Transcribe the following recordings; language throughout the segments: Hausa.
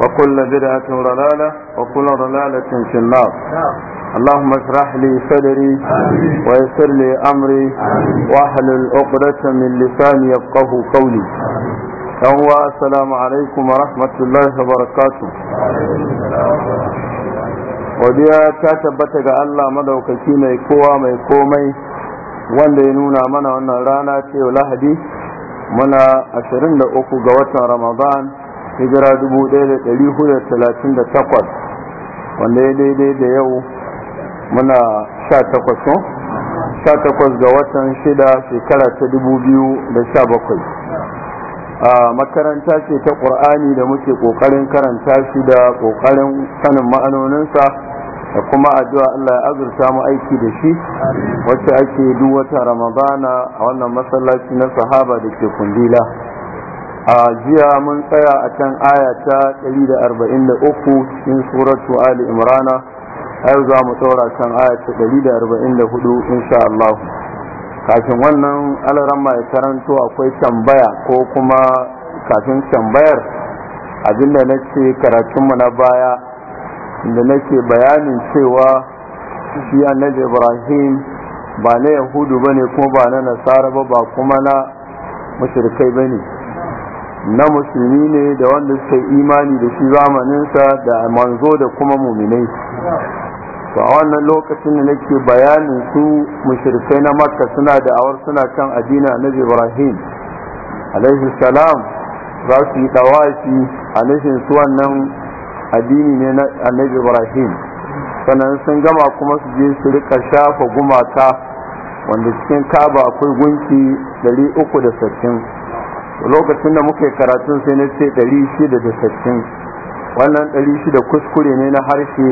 وكل بدعة ضلالة وكل ضلالة في النار اللهم اشرح لي صدري ويسر لي أمري واحلل عقدة من لساني يفقه قولي يوم السلام عليكم ورحمة الله وبركاته godiya ta tabbata مدعو كثيرا madaukaki mai kowa mai komai wanda ya nuna mana wannan rana ce lahadi muna 23 ga hijira 1438 wanda ya daidai da yau muna 18 takwas ga watan 6 shekara ta 2017 a makaranta ce ta ƙur'ani da muke ƙoƙarin karanta shi da ƙoƙarin sanin ma'anoninsa da kuma addu'a Allah ya azurta mu aiki da shi wacce ake duk wata ramadana a wannan masallaci na sahaba da ke kundila a jiya mun tsaya a can aya ta 143 cikin suratu ali imrana a yau za mu tsora kan aya ta 144 insha Allah kafin wannan alaran ya karanto akwai tambaya ko kuma kafin tambayar abinda na ce karatunmu na baya da nake bayanin cewa shi annabi ibrahim ba na yahudu ba ne kuma ba na nasara ba ba kuma na mashirkai ba ne na musulmi ne da wanda suka yi imani da shi zamaninsa da manzo da kuma muminai Ba a wannan lokacin da nake bayanin su mushrikai na makka suna da awar suna kan addini na ibrahim alaihi salam za su yi dawashi a nufin su wannan addini ne na annabi ibrahim sannan sun gama kuma su je su rika shafa gumaka wanda cikin kaba akwai gunki 360 lokacin da muke karatun sai na ce 660 wannan 600 kuskure ne na harshe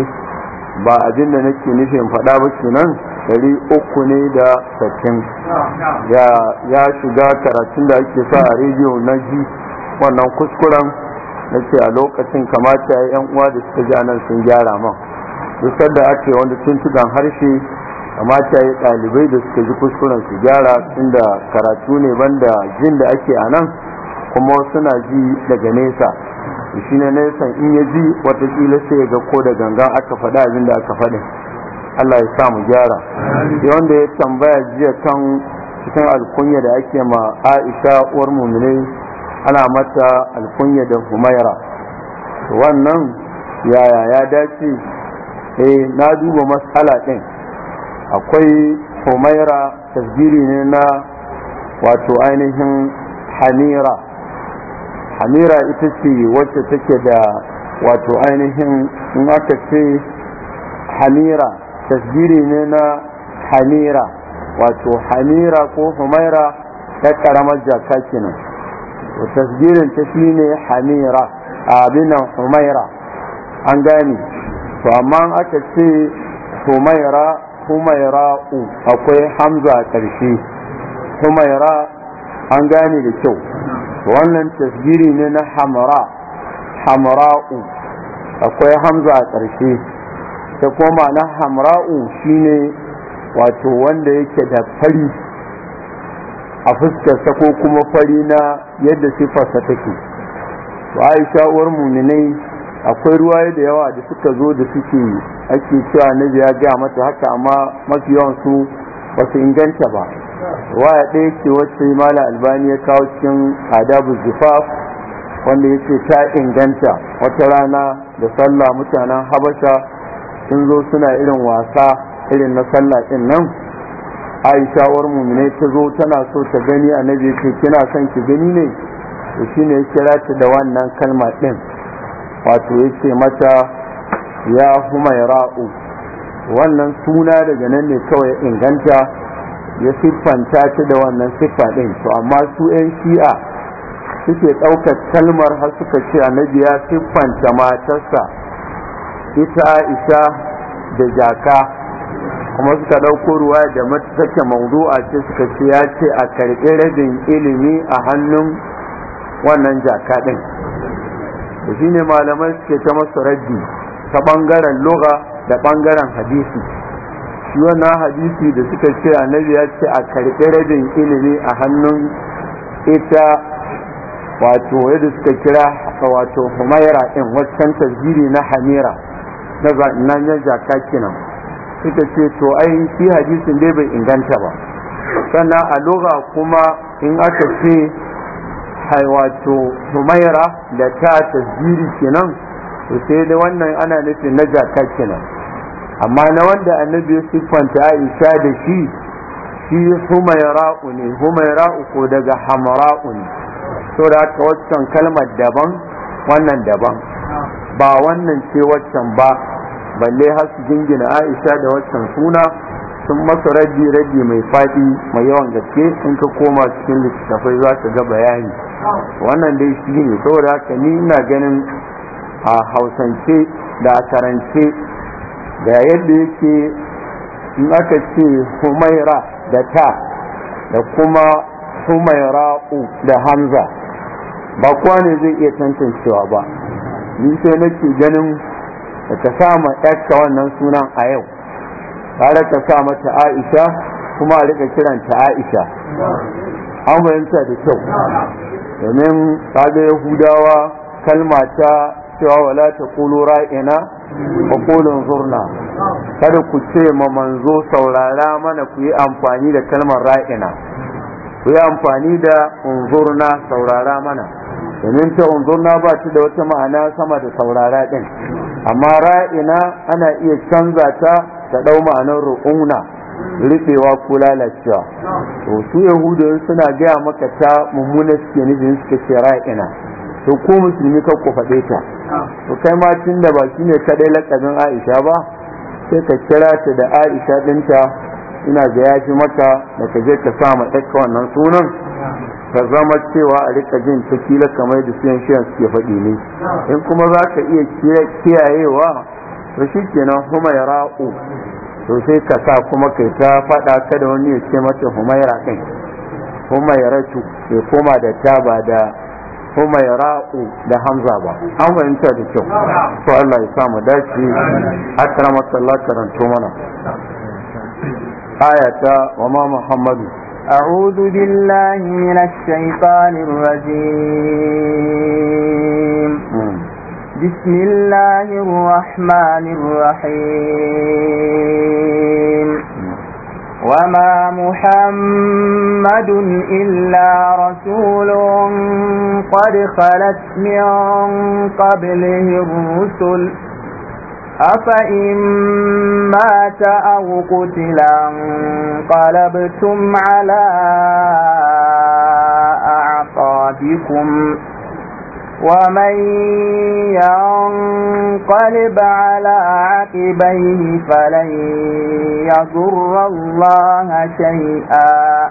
ba abin da nake nufin faɗa ba kenan ɗari uku ne da sakin ya shiga karatun da ake sa a rediyo na ji wannan kuskuren na ce a lokacin kamata ya yan uwa da suka ji nan sun gyara man duk da ake wanda tuntugan harshe ta yi ɗalibai da suka ji kuskuren su gyara tunda karatu ne banda jin da ake a nan kuma suna ji daga nesa shi ne nesa in ya ji watakila sai ga ko da ganga aka faɗa abin da aka faɗi Allah ya sa mu gyara da ya tambaya jiya kan cikin alkunya da ake ma Aisha uwar muminai ana mata alkunya da Humaira wannan yaya ya dace eh na duba matsala ɗin akwai humaira tasbiri ne na wato ainihin hamira hamira ita ce wacce take da wato ainihin in aka ce hamira tasbiri ne na hamira wato hamira ko humaira ta karamar jaka kenan tasbirin ta shi ne hamira abinan humaira an gane to amma aka ce humaira humaira'u akwai hamza a ƙarshe humaira an gane da kyau wannan tasgiri ne na hamra hamra'u akwai hamza a ƙarshe ta koma na hamra'u shine wato wanda yake da fari a fuskarsa ko kuma fari na yadda siffarsa take wa aisha uwar muminai akwai ruwaye da yawa da suka zo da suke ake cewa annabi ya gaya mata haka amma mafi yawan su ba su inganta ba waya ɗaya ce wacce mala albani ya kawo cikin adabu zufaf wanda ya ce ta inganta wata rana da sallah mutanen habasha sun zo suna irin wasa irin na sallah ɗin nan aisha war mumine ta zo tana so ta gani annabi ce kina son ki gani ne to shine ya kira ta da wannan kalma ɗin. wato ya ce mata ya ya humaira'u wannan suna daga nan ne kawai inganta ya siffanta ta da wannan siffa ɗin to amma su 'yan shi'a suke ɗaukar kalmar har suka ce annabi ya siffanta matarsa ita isa da jaka kuma suka ɗauko ruwa da matsake mawdu'a ce suka ce ya ce a karɓi rabin ilimi a hannun wannan jaka ɗin shi shine malamai suke ta masa raddi ta bangaren loga da bangaren hadisi shi wannan hadisi da suka ce a ya ce a karɓi rabin ilimi a hannun ita wato yadda suka kira a wato humaira in waccan tasiri na hamira na zanen jaka kinan, suka ce to ai shi hadisin dai bai inganta ba sannan a loga kuma in aka ce wato Sumaira da ta tasiri kenan to sai da wannan ana nufin na jaka kenan amma na wanda annabi ya siffanta aisha da shi shi humaira'u ne humaira'u ko daga hamra'u ne da haka waccan kalmar daban wannan daban ba wannan ce waccan ba balle har su jingina aisha da waccan suna sun masa raji raji mai faɗi mai yawan gaske in ka koma cikin littattafai za ka ga bayani wannan dai shi ne saboda haka ni ina ganin a hausance da a karance da yadda yake in aka ce humaira da ta da kuma humaira'u da hamza ba kowa ne zai iya tantancewa ba ni sai nake ganin da ta sa ma ɗaka wannan sunan a yau tare ta sa mata aisha kuma a rika kiranta aisha an fahimta da kyau domin kaga yahudawa kalma ta cewa wala ta kulo ra'ina ba kulun zurna kada ku ce ma manzo saurara mana ku yi amfani da kalmar ra'ina ku yi amfani da unzurna saurara mana domin ta unzurna ba ta da wata ma'ana sama da saurara din amma ra'ina ana iya canza ta da ɗau ma'anar ru'una rufewa ko lalacewa to su yahudu suna gaya maka ta mummuna suke nufin suka ce ra'ina to ko musulmi ka ku faɗe ta to kai ma tun da ba shine kaɗai lakabin Aisha ba sai ka kira ta da Aisha ɗinta ina ga yafi maka da ka je ka sa ma wannan sunan ka zama cewa a rika jin ta kila kamar da siyan shiyan suke faɗi ne in kuma za ka iya kiyayewa to kenan kuma ya ra'u to sai ka sa kuma kai ta faɗa kada wani ya ce mata humaira kai humairatu ke koma da ta ba da humaira'u da hamza ba an fahimta da kyau to Allah ya sa mu dace akramaka Allah karanto mana ayata wa ma muhammadu أعوذ بالله من الشيطان الرجيم بسم الله الرحمن الرحيم وما محمد إلا رسول قد خلت من قبله الرسل أفإن مات أو قتلا انقلبتم على أعقابكم ومن ينقلب على عقبيه فلن يضر الله شيئا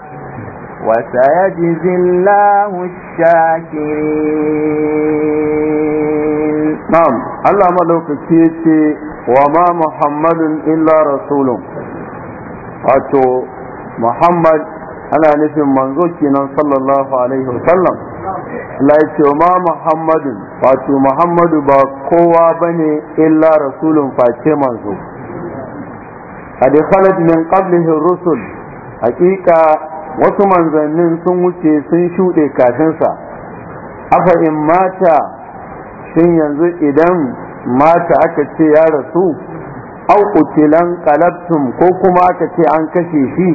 وسيجزي الله الشاكرين نعم الله ملوك كيتي وما محمد إلا رسول أتو محمد أنا نفهم منذ كنا صلى الله عليه وسلم Allah ma Muhammadu wato Muhammadu ba kowa bane illa rasulun face manzo qad khalat min qablihi rusul hakika wasu manzannin sun wuce sun shuɗe kafinsa afa in mata shin yanzu idan mata aka ce ya rasu au qutilan qalabtum ko kuma aka ce an kashe shi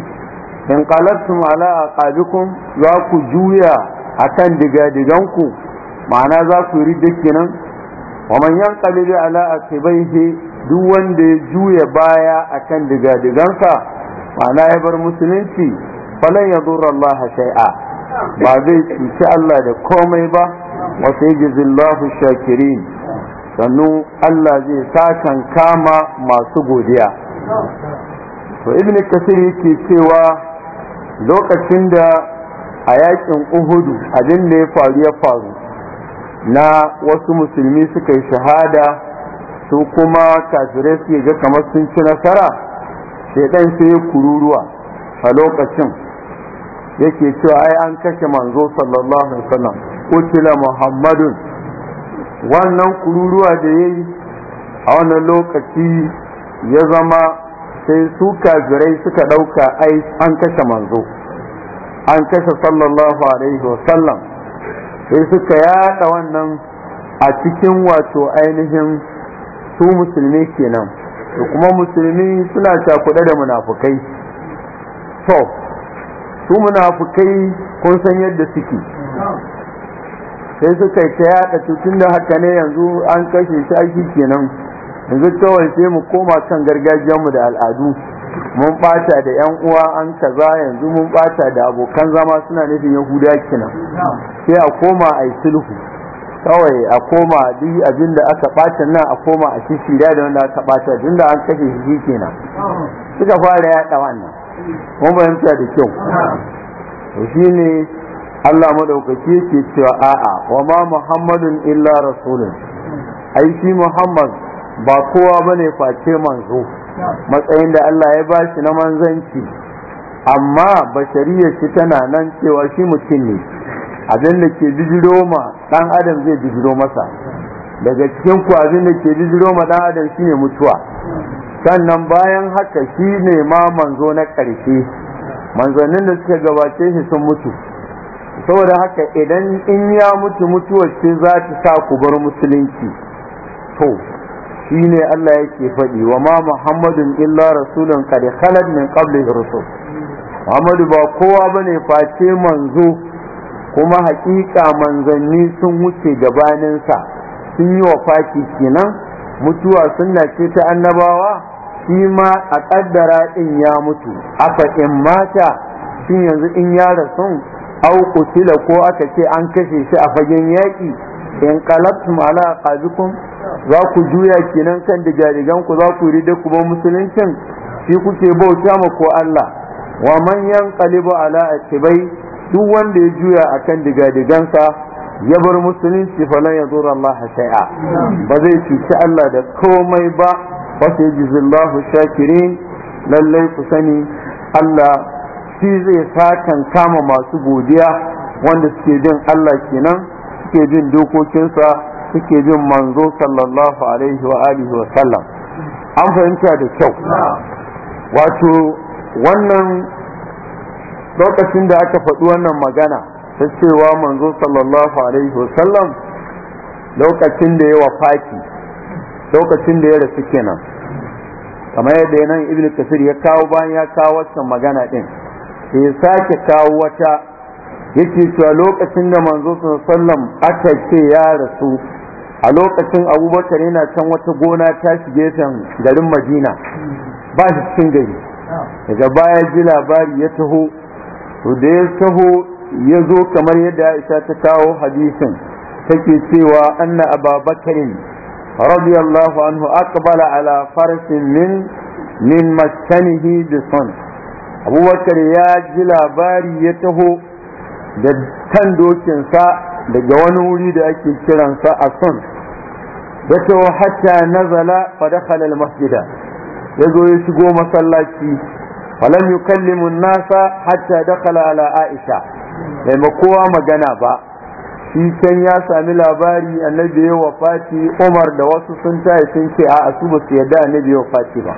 in qalabtum ala aqabikum za ku juya akan digadiganku ma'ana za su yi ridda nan wa man yanqalibi ala asibaihi duk wanda ya juya baya akan digadiganka ma'ana ya bar musulunci falan yadurra Allah shai'a, ba zai cuci Allah da komai ba wa Zillahu shakirin sannu Allah zai sakan kama masu godiya to ibn kasir yake cewa lokacin da a yakin uhudu abin da ya faru ya faru na wasu musulmi suka yi shahada su kuma kafirai suke ga kamar sun ci nasara shaidan sai ya kururuwa a lokacin yake cewa ai an kashe manzo sallallahu alaihi wasallam kutila muhammadun wannan kururuwa da ya a wannan lokaci ya zama sai su kafirai suka ɗauka ai an kashe manzo an kashe sallallahu alaihi wasallam sai suka yada wannan a cikin wato ainihin su musulmi kenan kuma musulmi suna cakuɗe da munafukai to su munafukai kun san yadda suke sai suka yi ta yada tutun da haka ne yanzu an kashe shi kenan yanzu kawai sai mu koma kan gargajiyarmu da al'adu mun bata da yan uwa an kaza yanzu mun bata da abokan zama suna nufin yahuda kenan sai a koma a sulhu kawai a koma duk abin da aka bata nan a koma a shirya da wanda aka bata duk da an kashe shi kenan suka fara da wannan mun bayyana da kyau shi ne Allah madaukaki yake cewa a'a wa ma muhammadun illa rasulun ai shi muhammad ba kowa bane face manzo matsayin da Allah ya ba shi na manzanci amma bashariyar shi tana nan cewa shi mutum ne abin da ke bijiro ma dan adam zai bijiro masa daga cikin ku abin da ke bijiro ma dan adam shine mutuwa sannan bayan haka shi ne ma manzo na ƙarshe manzannin da suka gabace shi sun mutu saboda haka idan in ya mutu mutuwar ce za ta sa ku bar musulunci to Shi ne Allah yake faɗi wa ma Muhammadun illa rasulun kare khalat min da rusul Muhammadu ba kowa ba ne face manzo kuma hakika manzanni sun wuce gabaninsa sun yi wa faki kenan mutuwa sunna ce ta annabawa shi ma a ƙaddara in ya mutu aka in mata shi yanzu in ya rasu au kutila ko aka ce an kashe shi a fagen yaƙi in qalabtum ala aqabikum za ku juya kenan kan digadigan ku za ku rida ku ba musuluncin shi kuke bauta ma ko Allah wa man yanqalibu ala atibai duk wanda ya juya akan digadigansa ya bar musulunci falan yadur Allah shay'a ba zai cuci Allah da komai ba ba sai jizillahu shakirin lallai ku sani Allah shi zai sakan kama masu godiya wanda suke bin Allah kenan suke jin dokokinsa suke jin manzo sallallahu alaihi wa alihi wa sallam an fahimta da kyau wato wannan lokacin da aka faɗi wannan magana ta cewa manzo sallallahu alaihi wa sallam lokacin da ya wafaki lokacin da ya rasu kenan kamar yadda nan ibn kasir ya kawo bayan ya kawo wata magana ɗin sai ya sake kawo wata yake cewa lokacin da manzo sallam aka ce ya rasu a lokacin abubakar yana can wata gona ta shige can garin madina ba shi cikin gari daga baya ji labari ya taho to da ya taho ya zo kamar yadda aisha ta kawo hadisin take cewa anna ababakarin radiyallahu anhu aqbala ala farsin min min maskanihi bisan abubakar ya ji labari ya taho da kan dokinsa daga wani wuri da ake kiransa a son da cewa hatta nazala fa dakhala al-masjida yazo ya shigo masallaci falam yukallimu an-nasa hatta dakhala ala aisha bai ma kowa magana ba shi can ya sami labari annabi ya wafati umar da wasu sun tayi sun ce a su ba su yarda annabi ya wafati ba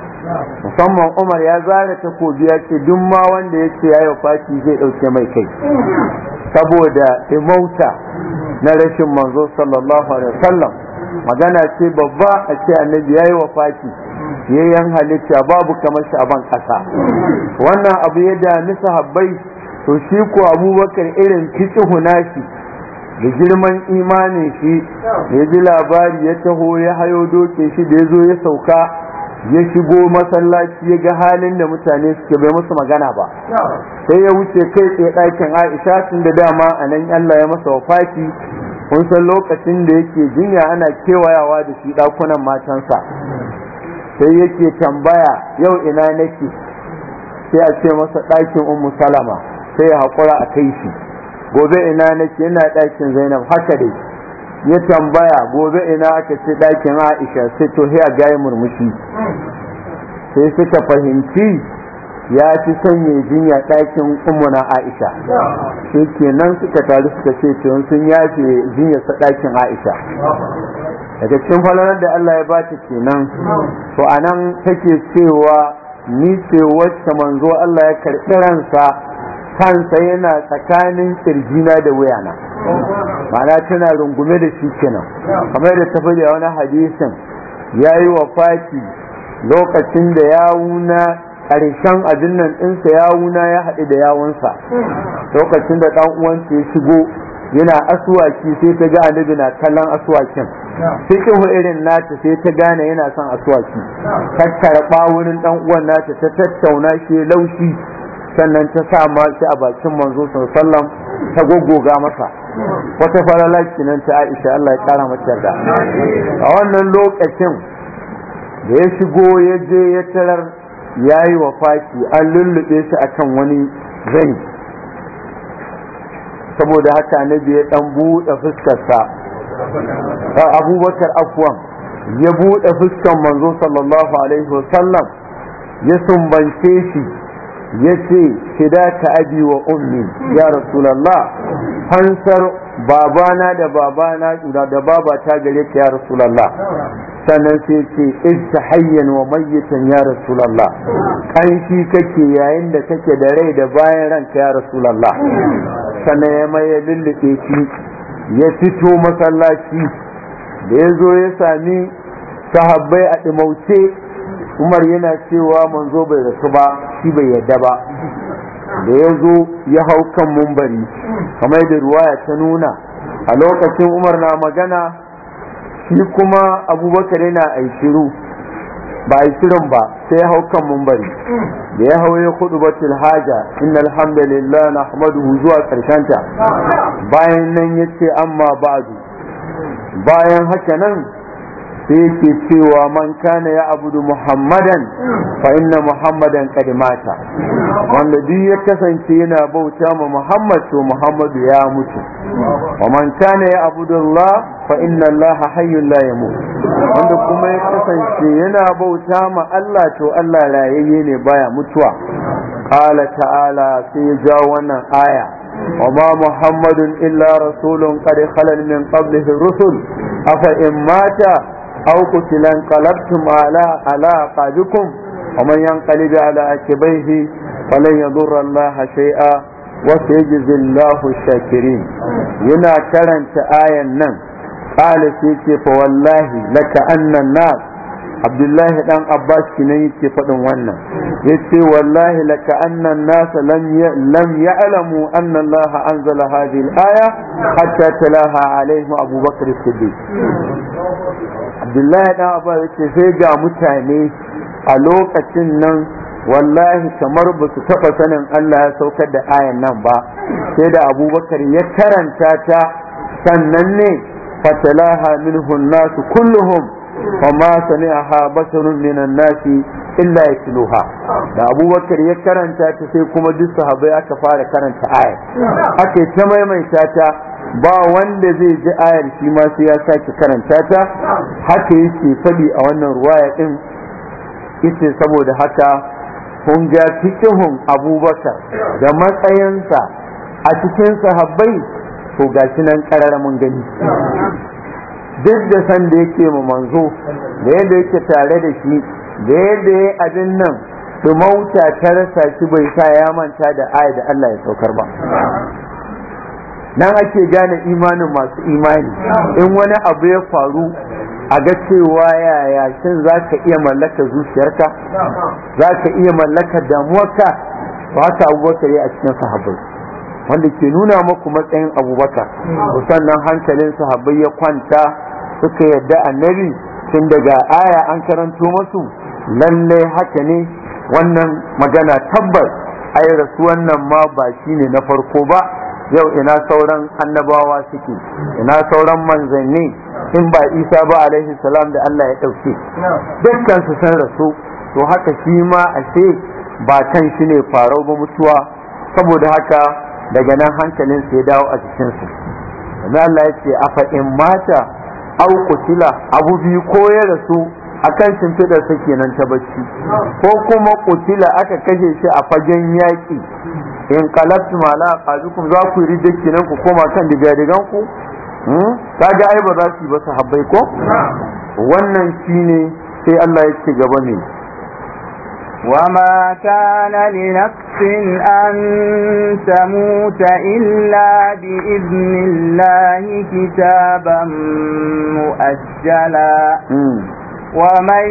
musamman umar ya zara ta kobi ya ce duk ma wanda ya ce ya yi wafati zai ɗauke mai kai saboda imauta na rashin manzo sallallahu alaihi wasallam magana ce babba a ce annabi ya yi wafati yayyan halitta babu kamar shi a ban ƙasa wannan abu ya dami sahabbai to shi ko abubakar irin kicin hunashi da girman imanin shi ya ji labari ya taho ya hayo doke shi da ya zo ya sauka ya shigo masallaci ya ga halin da mutane suke bai musu magana ba sai ya wuce kai tsaye ɗakin aisha tun da dama a nan allah ya masa wafaki kun san lokacin da yake jinya ana kewayawa da shi ɗakunan matansa sai yake tambaya yau ina nake sai a ce masa ɗakin umu salama sai ya haƙura a kai shi gobe ina nake yana ɗakin zainab haka dai ya tambaya gobe ina aka ce ɗakin aisha sai to ya gaya murmushi sai suka fahimci ya fi sanya jinya ɗakin umuna aisha shi kenan suka taru suka ce cewa sun yafe jinya sa ɗakin aisha daga cikin falonar da Allah ya bata kenan to anan take cewa ni ce wacce manzo Allah ya karɓi ransa kansa yana tsakanin kirjina da wuyana ma'ana tana rungume da shi kenan kamar da ta faɗi wani hadisin ya yi wa faki lokacin da ya wuna ƙarshen abin nan ɗinsa wuna ya haɗu da yawunsa lokacin da ɗan uwansa ya shigo yana asuwaki sai ta ga annabi na kallon asuwakin sai irin nata sai ta gane yana son asuwaki tattara ɓawunin ɗan uwan nata ta tattauna ke laushi sannan ta sa shi a bakin manzo sallam ta goggoga masa wata farala kinan ta Aisha Allah ya kara mata da a wannan lokacin da ya shigo ya je ya tarar yayi wafaki an lullube shi akan wani zani saboda haka na ya dan buɗe a abubakar afwan ya buɗe fuskar manzo sallallahu alaihi wasallam ya sumbance shi yace ta abi wa ummi ya rasulullah hansar babana da babana da baba ta gare ka ya rasulullah sannan sai ce istahayyan wa mayyitan ya rasulullah kanshi kake yayin da kake da rai da bayan ranka ya rasulullah sannan ya mai lulluke shi ya fito masallaci da ya zo ya sami sahabbai a ɗimauce umar yana cewa manzo bai rasu ba shi bai yadda ba da ya zo ya hau kan mumbari kamar da ya ta nuna a lokacin umar na magana shi kuma abubakar yana aishiru ba aishirin ba sai ya hau kan mumbari da ya hau ya kudu ba haja inna alhamdulillah na hamadu zuwa karshenta bayan nan ya ce amma ba'adu bayan haka nan sai yake cewa man kana ya abudu muhammadan fa inna muhammadan kad mata wanda duk ya kasance yana bauta ma muhammad to muhammadu ya mutu wa man kana ya abudu allah fa inna allah hayyun la yamut wanda kuma ya kasance yana bauta ma allah to allah rayayye ne baya mutuwa qala ta'ala sai ya jawo wannan aya وما محمد إلا رسول قد خلل من قبله الرسل أفإن مات aw qutilan qalabtum ala ala aqabikum wa man yanqalib ala akibayhi falan yadurra Allah shay'a wa sayajzi Allahu shakirin yana karanta ayan nan qala sai ce fa wallahi laka anna nas abdullahi dan abbas kinan yake faɗin wannan yace wallahi laka annan nasa lam ya'lamu anna allah anzala hadhihi al-aya hatta talaha alaihim abubakar siddiq abdullahi dan abbas yace sai ga mutane a lokacin nan wallahi kamar ba su taɓa sanin allah ya saukar da ayan nan ba sai da abubakar ya karanta ta sannan ne fatalaha minhu nasu kulluhum فما سمعها بشر من nasi illa يتلوها da abubakar ya karanta ta sai kuma duk sahabbai aka fara karanta ayar aka ta maimaita ta ba wanda zai ji ayar shi ma sai ya sake karanta ta haka yake faɗi a wannan ruwaya din yace saboda haka kun ga Abu abubakar da matsayinsa a cikin sahabbai to gashi nan karar mun gani duk da san da yake ma manzo da yadda yake tare da shi da yadda ya abin nan su mauta ta rasa shi bai sa ya manta da aya da Allah ya saukar ba nan ake gane imanin masu imani in wani abu ya faru a ga cewa yaya shin za ka iya mallaka zuciyarka za ka iya mallaka damuwarka ba ta abubakar ya a cikin sahabbai wanda ke nuna maku matsayin abubakar hmm. sannan hankalin sahabbai ya kwanta suka yadda annabi tun daga aya an karanto masu lallai haka ne wannan magana tabbas ai rasu wannan ma ba shi ne na farko ba yau ina sauran annabawa suke ina sauran manzanni in ba isa ba alaihi salam da allah ya ɗauke hmm. dukkan su san rasu to haka shi ma ashe ba kan shi ne farau ba mutuwa saboda haka daga nan hankalin su ya dawo a cikin su na Allah ya ce afa in mata au kutila abu biyu ko ya rasu akan shimfiɗar sa kenan ta bacci ko kuma kutila aka kashe shi a fagen yaki. in qalatu mala qadukum za ku ridda kenan ku koma kan digadigan ku hmm? kaga ai ba za su yi ba habbai ko wannan shine sai Allah ya ce gaba ne وما كان لنفس أن تموت إلا بإذن الله كتابا مؤجلا ومن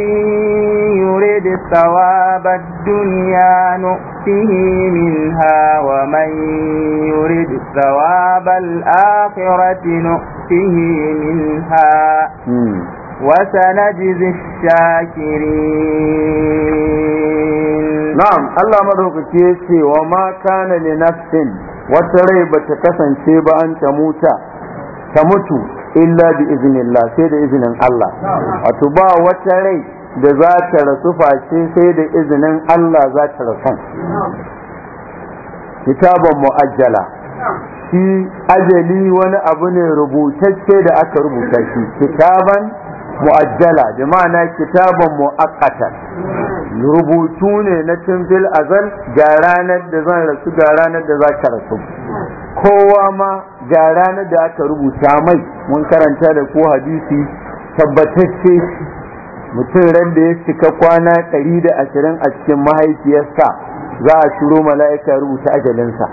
يرد ثواب الدنيا نؤته منها ومن يرد ثواب الآخرة نؤته منها وسنجزي الشاكرين na'am Allah madaukake ya ce wa ma kana li nafsin wata rai ta kasance ba an ta muta ta mutu illa bi iznillah sai da izinin Allah wato ba wata rai da za ta rasu face sai da izinin Allah za ta rasu kitaban mu'ajjala shi ajali wani abu ne rubutacce da aka rubuta shi kitaban mu'ajjala bi ma'ana kitaban rubutu ne na tunfil azal ga ranar da zan rasu ga ranar da za ka rasu kowa ma ga ranar da aka rubuta mai mun karanta da ko hadisi tabbatacce mutum ran da ya cika kwana ɗari da ashirin a cikin mahaifiyarsa za a shiro mala'ika rubuta ajalinsa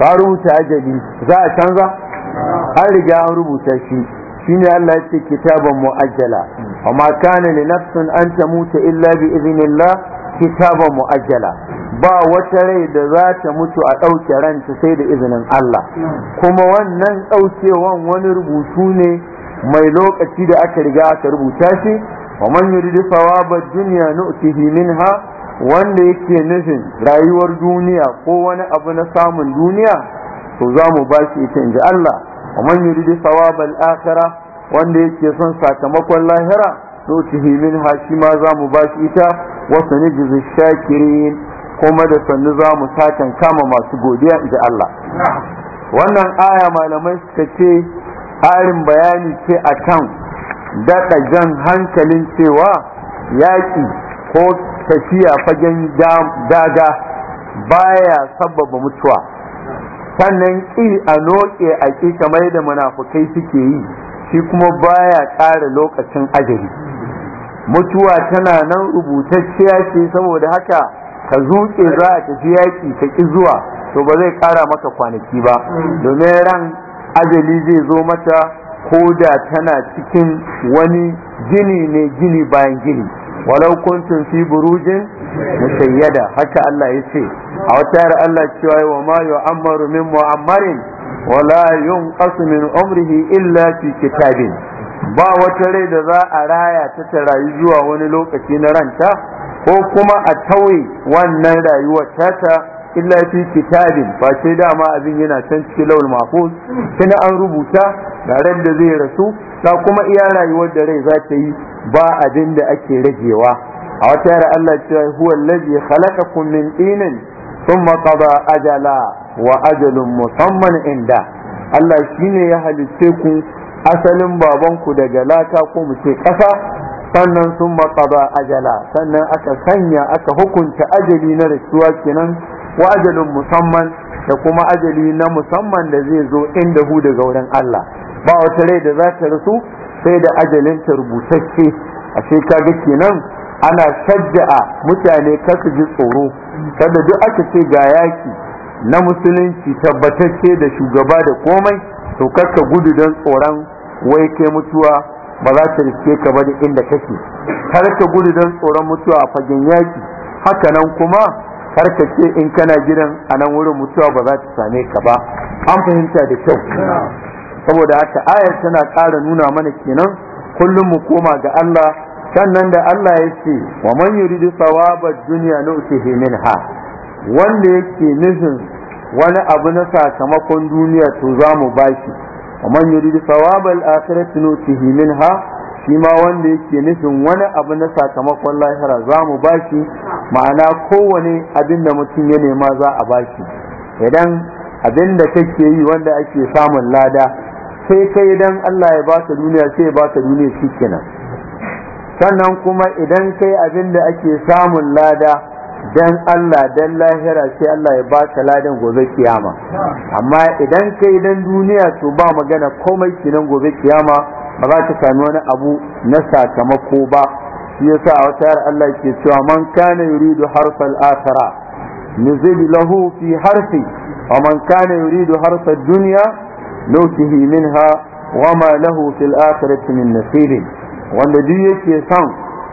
ba rubuta ajali za a canza an riga rubuta shi shine Allah yake kitaban muajjala wa ma kana li nafsin an ta tamuta illa bi idhnillah kitaban muajjala ba wata rai da za ta mutu a ɗauke ranta sai da izinin Allah kuma wannan ɗaukewan wani rubutu ne mai lokaci da aka riga aka rubuta shi wa man yuridu sawaba dunya nu'tihi minha wanda yake nufin rayuwar duniya ko wani abu na samun duniya to za mu ba shi ita inji Allah ومن يريد ثواب الآخرة وان min ساكمك اللاهرة نوته منها شما زام باشئتا وسنجز الشاكرين kuma da sannu za mu sakan kama masu godiya da Allah wannan aya malamai suka ce harin bayani ce a kan daɗa jan hankalin cewa yaƙi ko tafiya fagen daga baya sababa mutuwa sannan ƙi a noƙe a ƙi kamar da munafukai suke yi shi kuma baya ƙara lokacin ajali mutuwa tana nan rubutacciya ce saboda haka ka zuke za a tafi yaƙi ka ƙi zuwa to ba zai ƙara maka kwanaki ba domin ran ajali zai zo mata ko da tana cikin wani gini ne gini bayan gini walau kuntum fi burujin musayyada haka Allah ya ce a wata yar Allah cewa wa ma yu'ammaru min mu'ammarin wa la yunqasu min umrihi illa fi kitabin ba wata rai da za a raya ta ta rayu zuwa wani lokaci na ranta ko kuma a tauye wannan rayuwar tata illa fi kitabin ba sai dama abin yana can cikin lawul mahfuz Kina an rubuta tare da zai rasu ta kuma iya rayuwar da rai za ta yi ba abin da ake ragewa a wata yara Allah ce huwa allazi khalaqakum min tinin thumma qada ajala wa ajalun musamman inda Allah shine ya halicce ku asalin babanku daga laka ko mu ce kasa sannan sun matsaba ajala sannan aka sanya aka hukunta ajali na rasuwa kenan wa ajalin musamman da kuma ajali na musamman da zai zo inda hu daga wurin Allah ba wata rai da za ta rasu sai da ajalin ta rubutacce a shekaru kenan ana shajja'a mutane kasu ji tsoro kada duk aka ce ga yaki na musulunci tabbatacce da shugaba da komai to kaka gudu don tsoron wai kai mutuwa ba za ta riske ka ba da inda kake har ka gudu don tsoron mutuwa a fagen yaki hakanan kuma kar ka ce in kana gidan a nan wurin mutuwa ba za ta same ka ba an fahimta da kyau saboda haka ayar tana ƙara nuna mana kenan kullum mu koma ga Allah sannan da Allah ya ce wa man yuridu sawaba dunya nu'tihi minha wanda yake nufin wani abu na sakamakon duniya to za mu bashi wa man yuridu sawaba al-akhirati nu'tihi minha shi ma wanda yake nufin wani abu na sakamakon lahira za mu bashi ma'ana kowane abin da mutum ya nema za a ba shi idan abin da kake yi wanda ake samun lada sai kai dan Allah ya baka duniya sai ya baka duniya shikenan sannan kuma idan kai abin da ake samun lada dan Allah dan lahira sai Allah ya baka ladan gobe kiyama amma idan kai dan duniya to ba magana komai kinan gobe kiyama ba za ka sami wani abu na sakamako ba shi yasa a wata yar Allah ke cewa man kana yuridu harfal akhira nuzid lahu fi harfi wa man kana yuridu harfal dunya nutihi minha wa ma lahu fil akhirati min nasib wanda duk yake son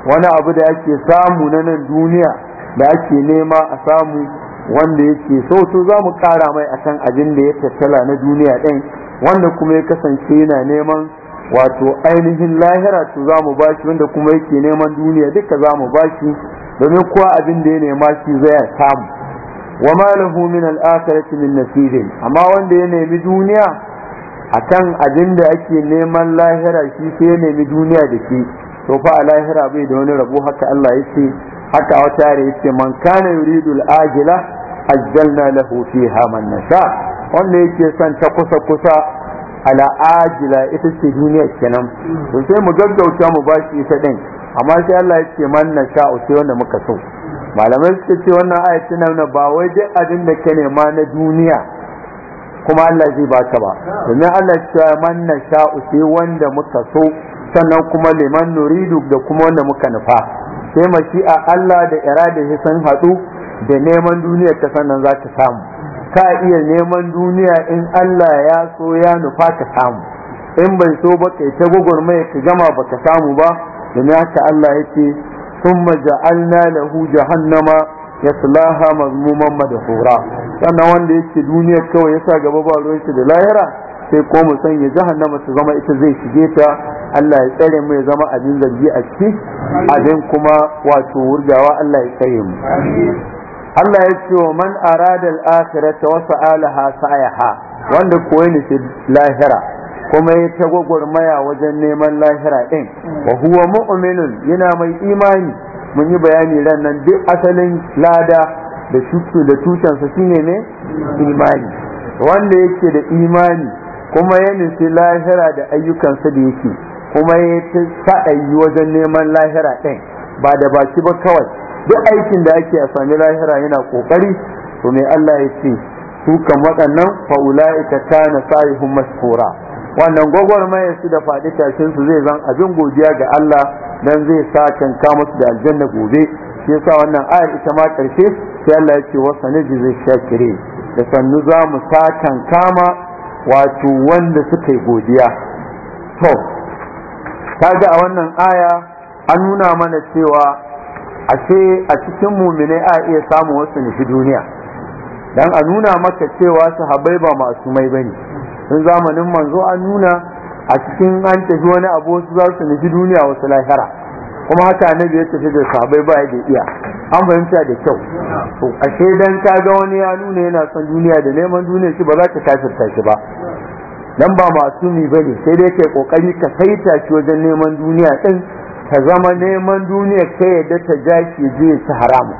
wani abu da ake samu na nan duniya da ake nema a samu wanda yake so to za mu kara mai akan abin da ya tattala na duniya ɗin wanda kuma ya kasance yana neman wato ainihin lahira to za mu bashi wanda kuma yake neman duniya duka za mu bashi domin kuwa abin da ya nema shi zai samu wa ma lahu min al-akhirati min nasibin amma wanda ya nemi duniya akan abin da ake neman lahira shi sai ya nemi duniya da shi to fa a lahira bai da wani rabu haka Allah ya haka wata yare ya ce man kana yuridu al-ajila ajjalna lahu fiha man nasha wanda yake son ta kusa kusa ala ajila ita ce duniya kenan to sai mu gaggauta mu ba shi ita din amma sai Allah ya ce man nasha sai wanda muka so malamai suka ce wannan aya tana ba wai duk abin da ne nema na duniya kuma Allah zai ba ka ba domin Allah ya ce man nasha sai wanda muka so sannan kuma liman nuridu da kuma wanda muka nufa sai mashi'a Allah da irada san haɗu da neman duniya ta sannan za ta samu ka iya neman duniya in Allah ya so ya nufa ka samu in bai so ba kai ta gwagwarmaya ka gama ba ka samu ba domin haka Allah ya ce jaalna lahu jahannama جهنم يصلاها مذموما sannan wanda yake duniya kawai ya sa gaba ba ruwan shi da lahira sai ko mu sanya jahannama su zama ita zai shige ta Allah ya tsare mu ya zama abin zargi a ciki abin kuma wato wurgawa Allah ya tsare mu Allah ya ce wa man arada al-akhirata wa sa'alaha sa'aha wanda koyi ne shi lahira kuma ya ta gwagwarmaya wajen neman lahira din wa huwa mu'minun yana mai imani mun yi bayani ran nan duk asalin lada da tushensa da sa shine ne imani wanda yake da imani kuma ya nufi lahira da ayyukansa da yake kuma ya ta sa'ayi wajen neman lahira din ba da baki ba kawai duk aikin da ake a sami lahira yana kokari to mai Allah ya ce su kan waɗannan fa'ula'ika kana sa'ihum mashkura wannan mai su da faɗi tashin su zai zan abin godiya ga Allah dan zai sa kama musu da aljanna gobe shi yasa wannan ayar ita ma karshe sai Allah ya ce wa zai shakire da sannu za mu sa kama wato wanda suka yi godiya to kaga a wannan aya an nuna mana cewa A ce a cikin muminai a iya samun wasu nufi duniya dan a nuna maka cewa habai ba masu mai bane sun zamanin manzo an nuna a cikin an tafi wani abu wasu za su nufi duniya wasu lahira kuma haka na ya tafi da su habai ba da iya an fahimta da kyau to ashe dan ta ga wani ya nuna yana son duniya da neman duniya shi ba za ka kafirta shi ba dan ba masu ni bane sai dai kai kokari ka saita shi wajen neman duniya din ta zama neman duniya ta yadda ta ja ji je ta haramu.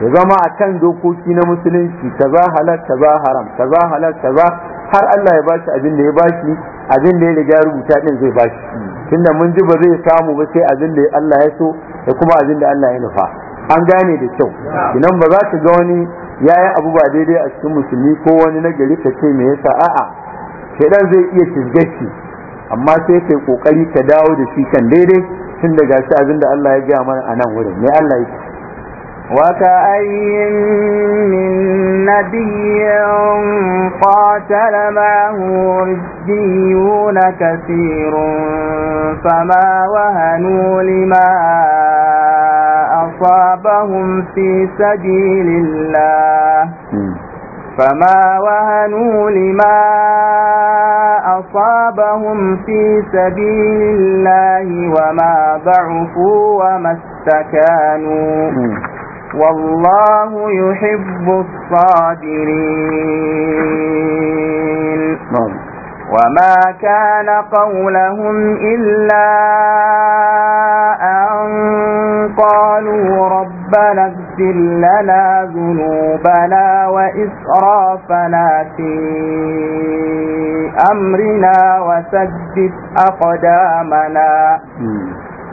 ta zama a kan dokoki na musulunci ta za halar ta za haram ta za halar ta za har Allah ya bashi abin da ya bashi abin da ya riga rubuta din zai bashi tunda mun ji ba zai samu ba sai abin da Allah ya so da kuma abin da Allah ya nufa an gane da kyau idan ba za ka ga wani yayi abu ba daidai a cikin musulmi ko wani na gari ka ce me yasa a'a sai dan zai iya shi amma sai kai kokari ka dawo da shi kan daidai tun da gasi abin da Allah ya gaya mana a nan wurin ne Allah yi waka ayin min nabiyyin qatala ma hurjiyuna kasirun fama wahanu lima asabahum fi sabilillah hmm. فما وهنوا لما أصابهم في سبيل الله وما ضعفوا وما استكانوا والله يحب الصابرين نعم. وما كان قولهم إلا أن قالوا رب ربنا اغفر لنا ذنوبنا وإسرافنا في أمرنا وثبت أقدامنا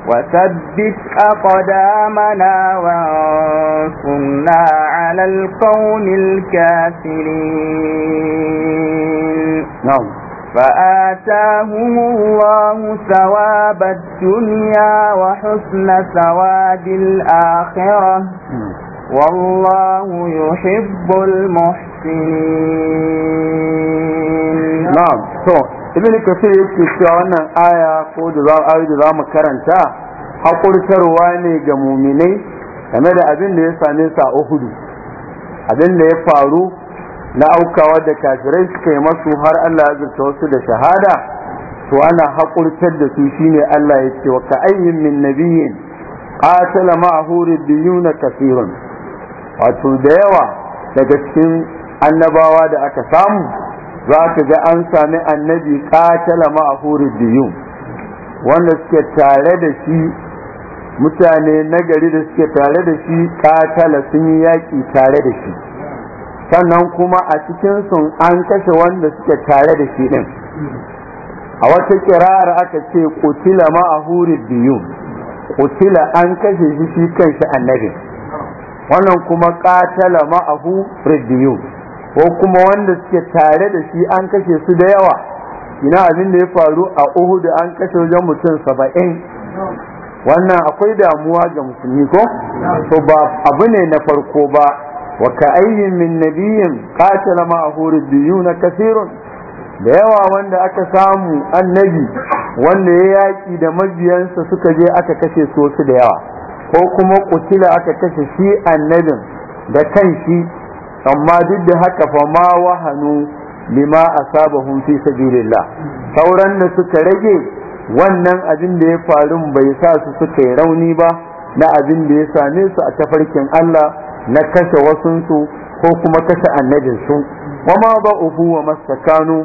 وثبت أقدامنا وانصرنا على القوم الكافرين نعم فآتاهم الله ثواب الدنيا وحسن ثواب الآخرة والله يحب المحسنين نعم so ibn kafir yake cewa wannan aya ko da za ayi da zamu karanta hakurtarwa ne ga muminai game da abin da ya same su a Uhud abin da ya faru na aukawa da kafirai suka yi masu har Allah ya zurta wasu da shahada to ana haƙurtar da su shine Allah ya ce wa ka'ayyin min nabiyyin qatala ma'ahu na kathirun wato da yawa daga cikin annabawa da aka samu za ka ga an sami annabi qatala ma'ahu riddiyun wanda suke tare da shi mutane nagari da suke tare da shi katala sun yi yaƙi tare da shi sannan kuma a cikin sun an kashe wanda suke tare da shi din a wata kirara aka ce kutila ma'ahu biyu kutila an kashe shi shi kanshi annabi wannan kuma katala ma'ahu biyu ko kuma wanda suke tare da shi an kashe su da yawa ina abin da ya faru a uhudu an kashe wajen mutum saba'in wannan akwai damuwa ga musulmi ko So ba abu ne na farko ba وكأي من نبي قاتل معه ربيون كثير da yawa wanda aka samu annabi wanda ya yaƙi da mabiyansa suka je aka kashe su wasu da yawa ko kuma kutila aka kashe shi annabin da kan shi amma duk da haka fa ma wahanu lima asabahum fi sabilillah sauran da suka rage wannan abin da ya faru bai sa su suka yi rauni ba na abin da ya same su a tafarkin Allah na kashe wasunsu ko kuma kashe annabinsu wa ma ba ufu wa masakanu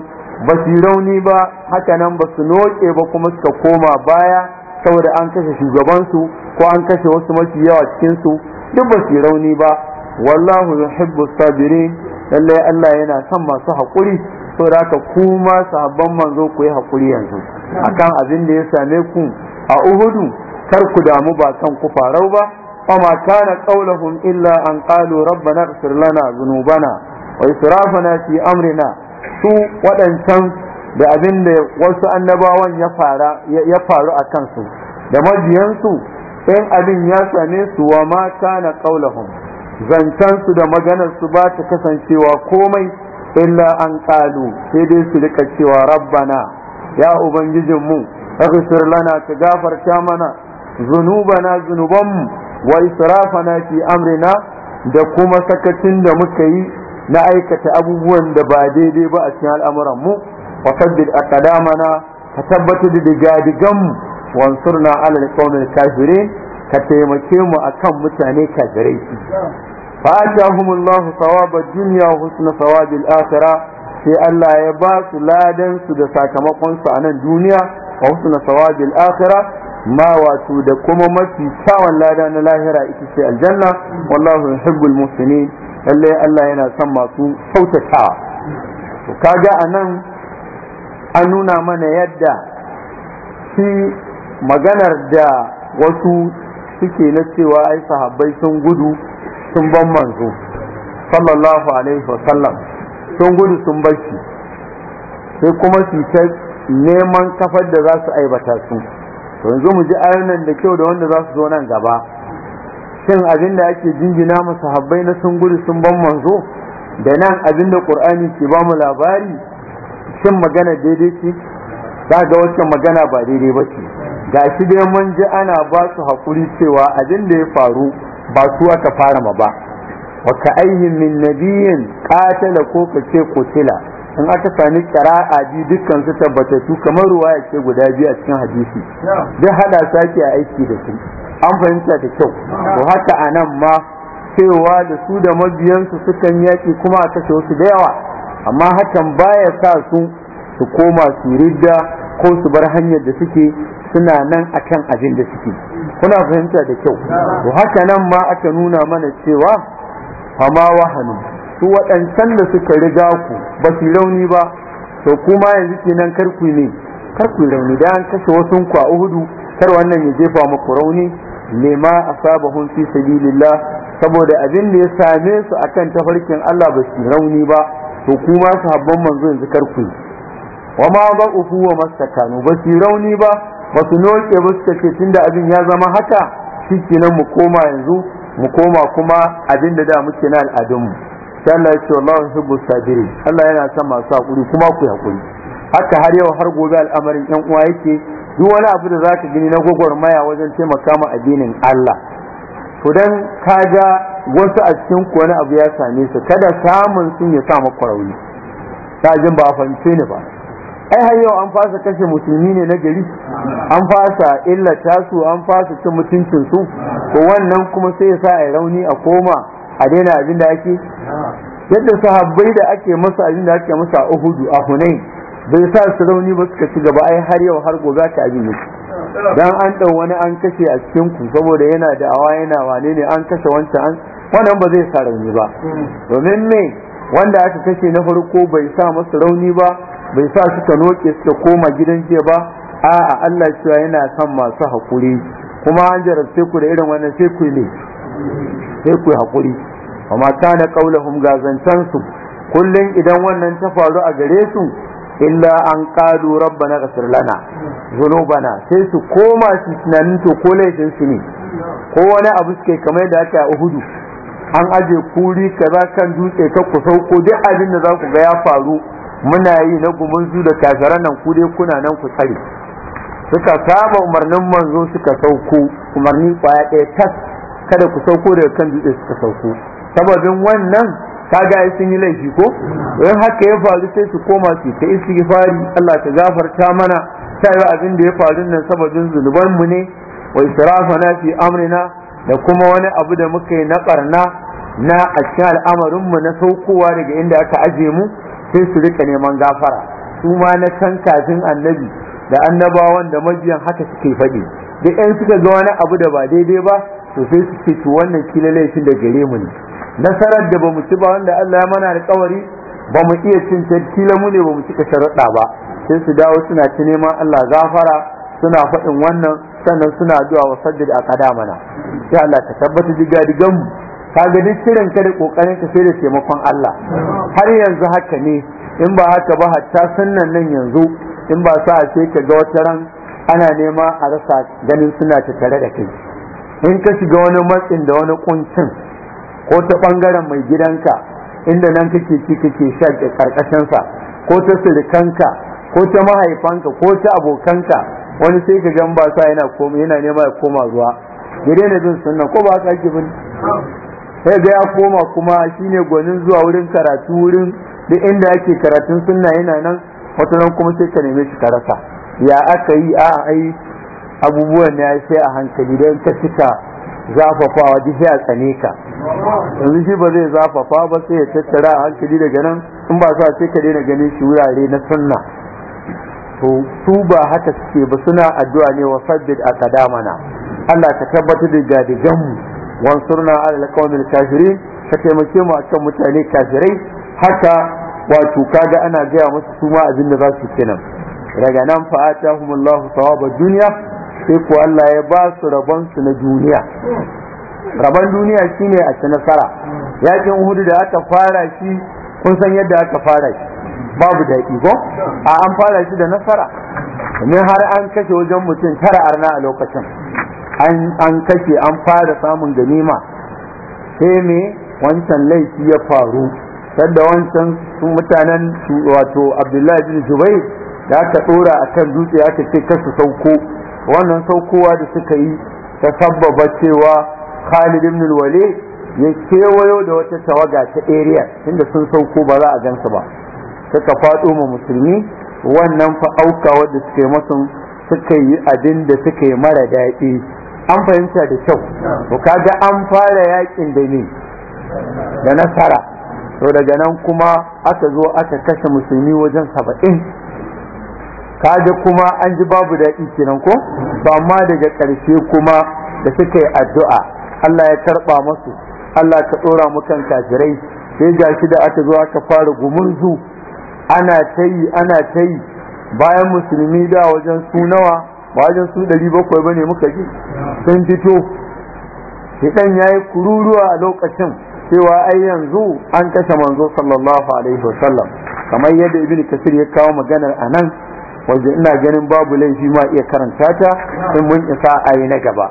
ba su rauni ba haka nan ba su noke ba kuma suka koma baya saboda an kashe shugabansu ko an kashe wasu mafi yawa cikinsu duk ba su rauni ba wallahu yuhibbu sabirin lallai Allah yana son masu haƙuri da ka kuma sahabban manzo ku yi haƙuri yanzu akan abin da ya same ku a Uhudu kar ku damu ba kan ku farau ba وما كان قولهم إلا أن قالوا ربنا اغفر لنا ذنوبنا وإسرافنا في أمرنا su waɗancan da abin da wasu annabawan ya faru a kansu da majiyansu in abin ya same su wa ma kana Zancen zancansu da maganarsu ba ta kasancewa komai illa an ƙalu sai dai su rika cewa rabbana ya ubangijinmu اغفر لنا ka gafarta mana zunubana zunubanmu wa israfana fi amrina da kuma sakacin da muka yi na aikata abubuwan da ba daidai ba a cikin al'amuran mu wa saddid aqdamana ka tabbatar da digadigan mu wansurna ala alqawmil kafirin ka taimake mu akan mutane kafirai فآتاهم الله duniya wa وحسن ثواب الآخرة sai Allah ya ba su ladan su da sakamakon su a nan duniya wa husna sawabil akhirah ma wato da kuma mafi kyawun lada na lahira ita ce aljanna wallahu yuhibbul muslimin lalle Allah yana son masu kyautatawa to kaga anan an nuna mana yadda shi maganar da wasu suke na cewa ai sahabbai sun gudu sun ban manzo sallallahu alaihi wa sallam sun gudu sun bar shi sai kuma su neman kafar da za su aibata su to yanzu mu ji ayoyin da kyau da wanda za su zo nan gaba shin abin da ake jingina masa habbai na sun gudu sun ban manzo da nan abin da qur'ani ke ba mu labari shin magana daidai ce za ga wacce magana ba daidai ba ce ga shi dai mun ji ana ba su hakuri cewa abin da ya faru ba su aka fara ma ba wa ka min nabiyyin qatala ko kace qutila in aka sami a bi dukkan su tabbatattu kamar ruwaya ce guda biyu a cikin hadisi zai hada sake a aiki da su an fahimta da kyau to haka a nan ma cewa da su da mabiyansu sukan yaƙi kuma a kashe wasu da yawa amma hakan baya sa su su koma su ridda ko su bar hanyar da suke suna nan akan abin da suke kuna fahimta da kyau to haka nan ma aka nuna mana cewa fama wahanu su waɗancan da suka riga ku ba su rauni ba to kuma yanzu kenan karku ne karku rauni da an kashe wasu ku a uhudu kar wannan ya jefa muku rauni lema asabahum fi sabilillah saboda abin da ya same su akan tafarkin Allah ba su rauni ba to kuma sahabban manzo yanzu karku wa ma ba ufu wa mastakanu ba su rauni ba ba su noke ba su tun tunda abin ya zama haka Shi kenan mu koma yanzu mu koma kuma abin da da muke na al'adunmu sai ya ce wallahu yuhibbu sabiri Allah yana son masu hakuri kuma ku hakuri haka har yau har gobe al'amarin yan uwa yake duk wani abu da zaka gani na gwagwarmaya wajen taimaka ma addinin Allah to dan kaga wasu a cikin ku wani abu ya same su kada samun sun ya sa maka rauni ta jin ba fahimce ni ba ai har yau an fasa kashe musulmi ne na gari an fasa illata su an fasa cin mutuncin su to wannan kuma sai ya sa ai rauni a koma a daina abin da ake yadda sahabbai da ake masu abin da ake masu a uhudu a hunai, bai sa su rauni ba suka ci gaba ai har yau har gobe ta abin yake dan an dau wani an kashe a cikin ku saboda yana da awa yana wane ne an kashe wancan an wannan ba zai sa rauni ba domin me wanda aka kashe na farko bai sa musu rauni ba bai sa suka noke suka koma gidan jiya ba a'a Allah cewa yana son masu hakuri kuma an jarabce ku da irin wannan sai ku ne sai ku haƙuri amma kana qaulahum gazantan su kullum idan wannan ta faru a gare su illa an qalu rabbana ghfir lana dhunubana sai su koma su tunanin to ko laifin su ne ko wani abu suke kamar da aka yi Uhudu an aje kuri kaza kan dutse ta ku sauko duk abin da za ku ga ya faru muna yi na zu da kasaran nan ku dai kuna nan ku tsare suka saba umarnin manzo suka sauko umarni kwaya ɗaya tas kada ku sauko daga kan dutse suka sauko sababin wannan kaga ai sun yi laifi ko in haka ya faru sai su koma su ta istighfari Allah ta gafarta mana sai abin da ya faru nan sababin zunuban mu ne wa israfana fi amrina da kuma wani abu da muka yi na barna na a cikin al'amarin mu na saukowa daga inda aka aje mu sai su rika neman gafara su ma na can kafin annabi da annabawan da mabiyan haka suke faɗi duk ɗan suka ga wani abu da ba daidai ba to sai su ce to wannan kila laifin da gare mu ne nasarar da bamu ci ba wanda Allah ya mana alƙawari ba mu iya cin ta kila mu ne ba mu cika sharaɗa ba sai su dawo suna ci neman Allah gafara suna faɗin wannan sannan suna zuwa wa saddid a mana. sai Allah ka tabbata diga digan mu ga duk kiran ka da kokarin ka sai da taimakon Allah har yanzu haka ne in ba haka ba hatta sannan nan yanzu in ba sa sai ka ga wata ran ana nema a rasa ganin suna tare da kai in ka shiga wani matsin da wani kuncin ko ta bangaren mai gidanka inda nan kake ci kake sha karkashinsa ko ta sirikanka ko ta mahaifanka ko ta abokanka wani sai ka gan ba sa yana koma yana nema ya koma zuwa gire na jin sunna ko ba ka ake bin sai ga ya koma kuma shine gwanin zuwa wurin karatu wurin duk inda ake karatun sunna yana nan wata nan kuma sai ka neme shi ka rasa ya aka yi a ai abubuwan ya sai a hankali don ka cika zafafawa duk a tsane ka yanzu shi ba zai zafafa ba sai ya tattara a hankali daga nan in ba sa sai ka daina ganin shi wurare na sunna to su ba haka suke ba suna addu'a ne wa sabbid a kadamana Allah ka tabbatar da gadigan mu wansurna ala alqawmil kafirin ka taimake mu akan mutane kafirai haka wato kaga ana gaya musu su ma abin da za su kenan daga nan fa atahumullahu thawaba dunya sai ko Allah ya ba su rabon su na duniya rabon duniya shine a ci nasara yakin hudu da aka fara shi kun san yadda aka fara shi babu daɗi ko a an fara shi da nasara ne har an kashe wajen mutum tara arna a lokacin an kashe an fara samun ganima sai me wancan laifi ya faru sadda wancan mutanen wato abdullahi bin jubair da aka dora a kan dutse aka ce kasu sauko wannan saukowa da suka yi ta sabbaba cewa Khalid ibn Walid ya kewayo da wata tawaga ta area inda sun sauko ba za a gansu ba suka faɗo ma musulmi wannan fa auka wanda suke masu suka yi abin da suka yi mara daɗi an fahimta da kyau to kaga an fara yakin da ne da nasara to daga nan kuma aka zo aka kashe musulmi wajen saba'in kaje kuma an ji babu daɗi kenan ko Ba amma daga ƙarshe kuma da suka yi addu'a Allah ya karɓa masu Allah ka ɗora mu kafirai sai ga shi da aka zo aka fara gumurzu ana ta yi ana ta yi bayan musulmi da wajen su nawa ba wajen su ɗari bakwai ba ne muka ji sun fito shiɗan ya yi kururuwa a lokacin cewa ai yanzu an kashe manzo sallallahu alaihi wasallam kamar yadda ibn kasir ya kawo maganar anan wanda ina ganin babu laifi ma iya karanta ta in mun isa ayi na gaba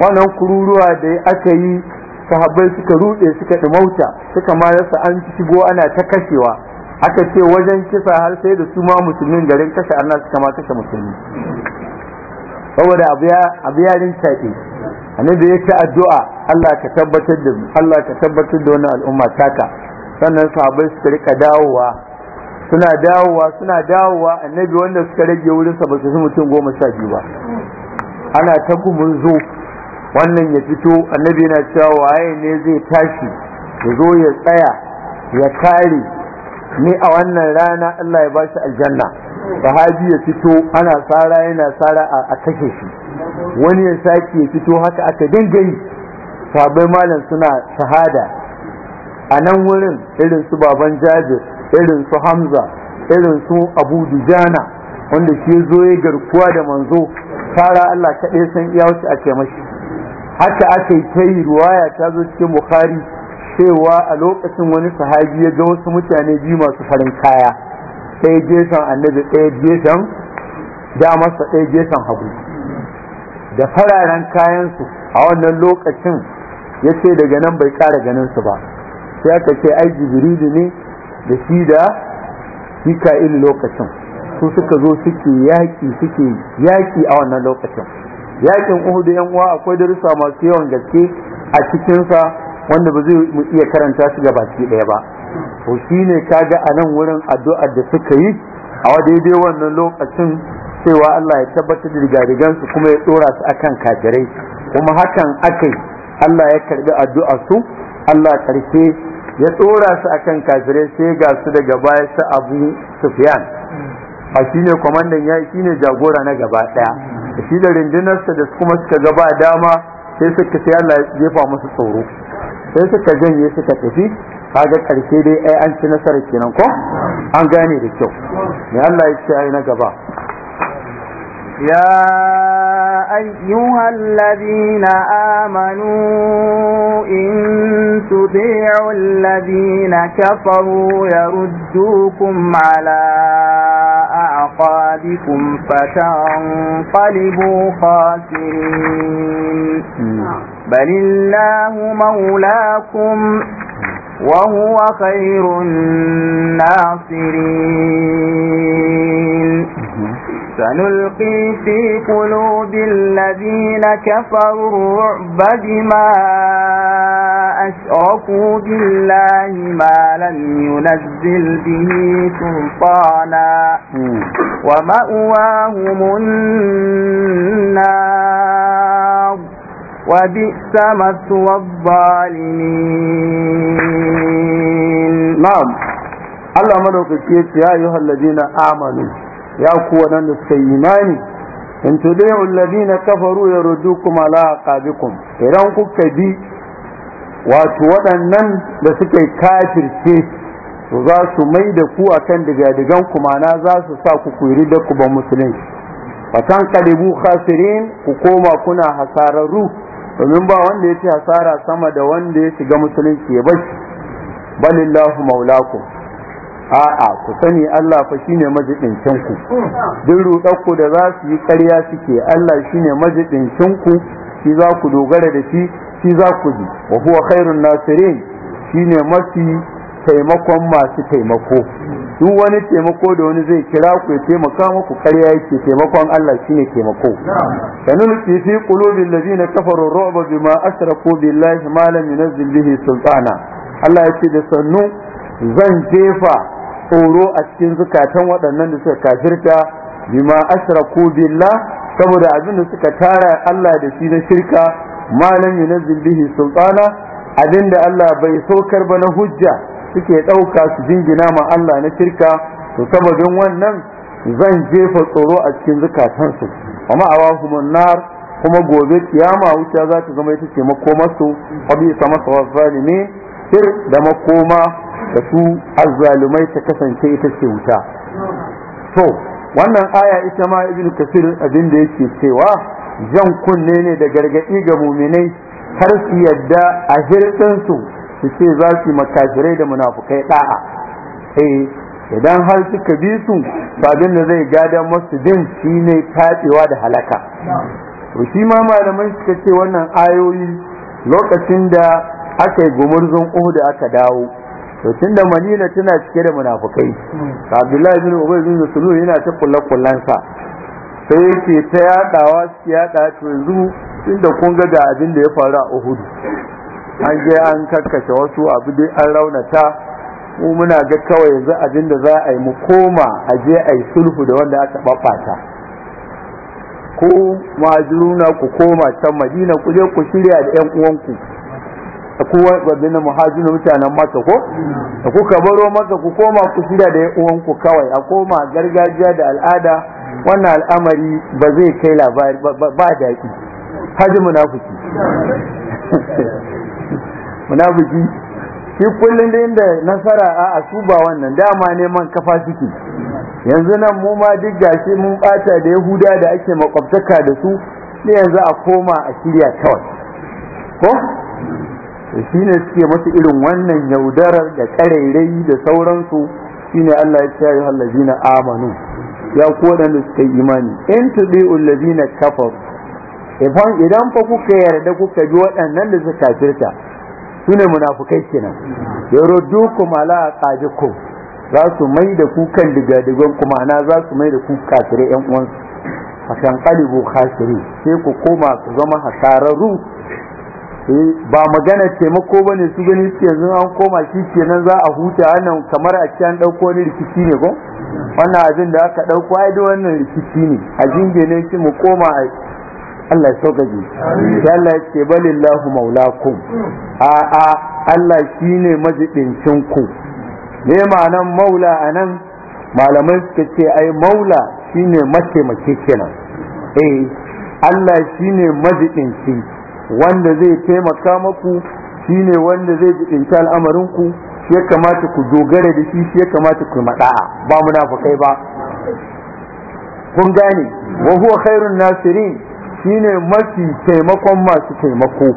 wannan kururuwa da aka yi sahabbai suka rude suka dimauta suka ma yasa an shigo ana ta kashewa aka ce wajen kisa har sai da su ma musulmin garin kashe arna suka ma kashe musulmi saboda abu yarin taƙi annabi ya ci addu'a Allah ka tabbatar da Allah ka tabbatar da wannan al'umma taka sannan sahabbai suka rika dawowa suna dawowa suna dawowa annabi wanda suka rage wurinsa ba su fi mutum goma sha biyu ba ana ta zo wannan ya fito annabi yana cewa waye ne zai tashi ya zo ya tsaya ya kare ni a wannan rana Allah ya bashi aljanna sahabi ya fito ana sara yana sara a kashe shi wani ya sake ya fito haka aka dinga sabai malam suna shahada a nan wurin irin su baban jabir irin su hamza irin su abu dujana wanda shi zo ya garkuwa da manzo fara Allah kaɗai san iya wasu ake mashi haka aka yi ta yi ruwaya ta zo cikin mukari, cewa a lokacin wani sahabi ya ga wasu mutane biyu masu farin kaya ɗaya gefen annabi ɗaya gefen damarsa ɗaya gefen hagu da fararen kayansu a wannan lokacin ya ce daga nan bai ƙara ganin su ba sai aka ce ai jibrilu ne da shi da mika'il lokacin su suka zo suke yaƙi suke yaƙi a wannan lokacin yaƙin uhudu yan uwa akwai darussa masu yawan gaske a cikinsa wanda ba zai mu iya karanta shi baki ɗaya ba to ne kaga a nan wurin addu'ar da suka yi a wadaidai wannan lokacin cewa Allah ya tabbatar da rigarigansu kuma ya tsora su akan kafirai kuma hakan akai Allah ya karɓi addu'ar su Allah karshe ya tsora su kan kafire sai ga su daga baya su abu sufiyan a shine kwamandan ya ne jagora na gaba daya shi da rundunarsa da kuma suka gaba dama sai suka sai Allah ya jefa musu tsoro sai suka janye suka tafi kaga karshe dai ai an ci nasarar kenan ko an gane da kyau me Allah ya ci ai na gaba يا أيها الذين آمنوا إن تطيعوا الذين كفروا يردوكم على أعقابكم فتنقلبوا خاسرين بل الله مولاكم وهو خير الناصرين سنلقي في قلوب الذين كفروا الرعب بما أشركوا بالله ما لم ينزل به سلطانا ومأواهم النار وبئس مثوى الظالمين نعم الله ملوك يا أيها الذين آمنوا ya ku waɗanda suka yi imani in tudi'u alladhina kafaru yaruddukum ala aqabikum idan kuka bi wato waɗannan da suka kafirce su za su mai da ku akan digadigan ku mana za su sa ku kuri da ku ba musulunci fatan kalibu khasirin ku koma kuna hasararru domin ba wanda ya ci hasara sama da wanda ya shiga musulunci ya bashi balillahu maulakum a'a ku sani Allah fa shine majidin ku duk rudar ku da za su yi ƙarya suke Allah shine majidin ku shi za ku dogara da shi shi za ku ji wa huwa khairun nasirin shine mafi taimakon masu taimako duk wani taimako da wani zai kira ku ya taimaka muku ƙarya yake taimakon Allah shine taimako sanulqi fi qulubil ladina kafaru ruba bima asraku billahi ma lam yunzil bihi sultana Allah ya ce da sannu zan jefa tsoro a cikin zukatan waɗannan da suka kafirta bima ashraku billah saboda abin da suka tara Allah da shi na shirka malam na bihi sultana abin da Allah bai saukar ba na hujja suke ɗauka su jingina ma Allah na shirka to sababin wannan zan jefa tsoro a cikin zukatansu amma awahumun nar kuma gobe kiyama wuta za ta zama ita ce makomarsu abi sama sawar ne sir da makoma da su azzalumai ta kasance ita ce wuta to wannan aya ita ma ibnu kasir abin da yake cewa jan kunne ne da gargadi ga muminai har su yadda a hirɗinsu su ce za su makafirai da munafukai da'a eh idan har suka bi su abin da zai gada masu din shine tatsewa da halaka to shi ma malamai suka ce wannan ayoyi lokacin da aka yi gumurzun uhu da aka dawo to tunda madina tana cike da munafukai abdullahi bin ubay bin sulul yana ta kullakullan sa sai yake ta yadawa su yada to yanzu tunda kun ga da abin da ya faru a Uhud an je an karkashe wasu abu dai an raunata mu muna ga kawai yanzu abin da za a yi mu koma a je a yi sulhu da wanda aka babbata ko majiruna ku koma can madina ku je ku shirya da yan uwanku kowa wadda muhajirin mutanen maka ko da kuka baro maka ku koma ku shida da uwanku kawai a koma gargajiya da al'ada wannan al'amari ba zai kai labari ba daɗi haji munafiki munafiki shi kullum da inda nasara a su ba wannan dama neman kafa suke yanzu nan mu ma duk gashi mun bata da yahuda da ake makwabtaka da su ne yanzu a koma a shirya kawai ko shi ne suke masu irin wannan yaudarar da karairai da sauransu shi ne Allah ya ce hallazi na amanu ya kodan waɗanda suka yi imani in tudi'ul ladina kafaru idan idan fa kuka yarda kuka bi waɗannan da suka kafirta su ne munafukai kenan a tsaji ku za su mai da ku kan digadigon kuma na za su mai da ku kafirai yan uwansu hakan sai ku koma ku zama hasararru Eh, ba magana taimako ba ne su gani su yanzu an koma shi nan za a huta wannan kamar a cikin ɗauko wani rikici ne ko wannan abin da aka ɗauko ai da wannan rikici ne a jinge ne shi mu koma a Allah ya ji shi Allah ya ce balillahu maulakum a a Allah shi ne majiɗincin ku me ma'anan maula a nan malamai suka ce ai maula shine mataimake kenan eh Allah shine ku wanda zai taimaka maku shine wanda zai jibinci al'amarin ku shi ya kamata ku dogara da shi shi ya kamata ku maɗa'a ba munafukai ba kun gane wa huwa khairun nasirin shine mafi taimakon masu taimako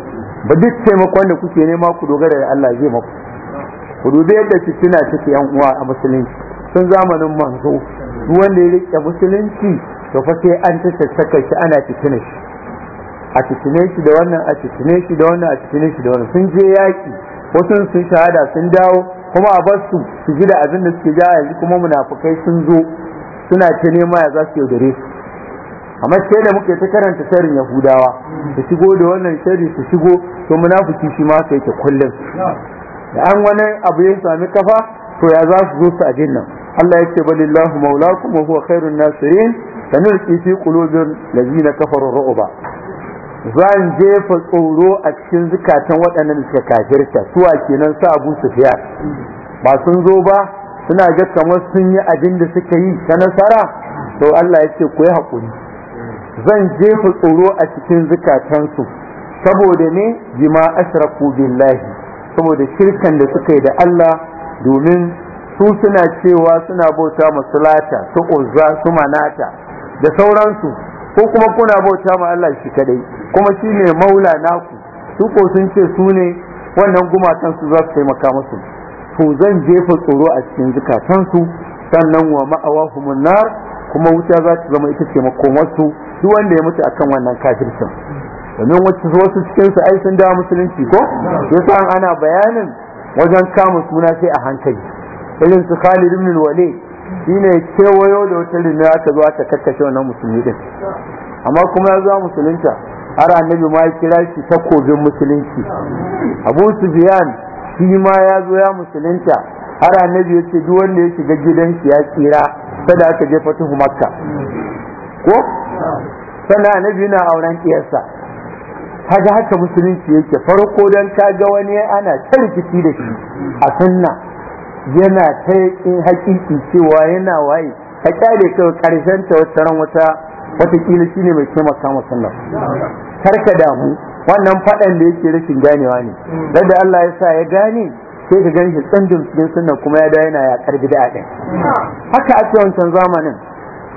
ba duk taimakon da kuke nema ku dogara da Allah zai maku ku dubi yadda fitina take yan uwa a musulunci sun zamanin manzo wanda ya rike musulunci to fa sai an tsaka shi ana fitina shi a cikine shi da wannan a cikine shi da wannan a cikine shi da wannan sun je yaki wasu sun shahada sun dawo kuma a bar su su ji da abin da suke ja yanzu kuma munafukai sun zo suna ta nema ya za su yaudare su amma sai da muke ta karanta sharrin yahudawa su shigo da wannan sharri su shigo to munafuki shi ma su yake kullum da an wani abu ya sami kafa to ya za su zo su a nan Allah ya ce balillahu maulakum wa huwa khairun nasirin sanulqi fi qulubil ladina kafaru ru'ba zan jefa tsoro a cikin zukatan waɗannan suka kafirta suwa kenan sa abu fiya ba sun zo ba suna ga kamar sun yi abin da suka yi ta nasara to Allah ya ce ku yi haƙuri zan jefa tsoro a cikin zukatansu saboda ne jima asraku billahi saboda shirkan da suka yi da Allah domin su suna cewa suna bauta musulata su uzza su manata da sauransu ko kuma kuna bauta ma Allah shi kadai kuma shi ne maula naku su ko sun ce su ne wannan gumatan su za su taimaka musu to zan jefa tsoro a cikin su sannan wa ma'awahumun nar kuma wuta za ta zama ita ce makomarsu duk wanda ya mutu akan wannan kafircin domin wasu cikin su ai sun dawo musulunci ko yasa ana bayanin wajen kama suna sai a hankali irin su Khalid ibn Walid shine kewayo da wata rina ta zuwa ta karkashe wannan musulmi din amma kuma ya zuwa musulunta har annabi ma ya kira shi takobin musulunci abu sufiyan shi ma ya zo ya musulunta har annabi ya ce duk wanda ya shiga gidan shi ya tsira sada aka je fatihu makka ko sannan annabi yana auren kiyarsa kaga haka musulunci yake farko dan kaga wani ana ta rikici da shi a sunna yana ta in hakiki cewa yana waye a ƙyale kawai ƙarshen ta wata ran wata watakila shi ne mai taimaka musallam karka damu wannan faɗan da yake rashin ganewa ne da Allah ya sa ya gane sai ka gani dan cikin sunan kuma ya da yana ya karbi da ɗin haka ce wancan zamanin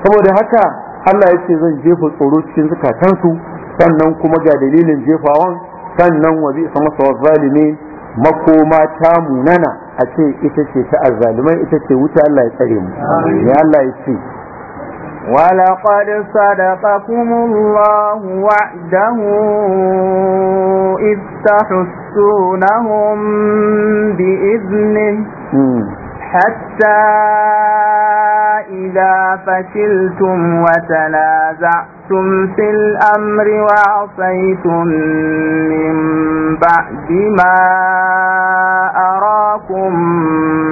saboda haka Allah ya ce zan jefa tsoro cikin zukatansu sannan kuma ga dalilin jefawan sannan wa bi sama sawazalimi makoma ta munana a ce ita ce ta azzalumai ita ce wuta Allah ya tsare mu ya Allah ya ce ولقد صدقكم الله وعده إذ تحسونهم بإذنه حتى إذا فشلتم وتنازعتم في الأمر وعصيتم من بعد ما أراكم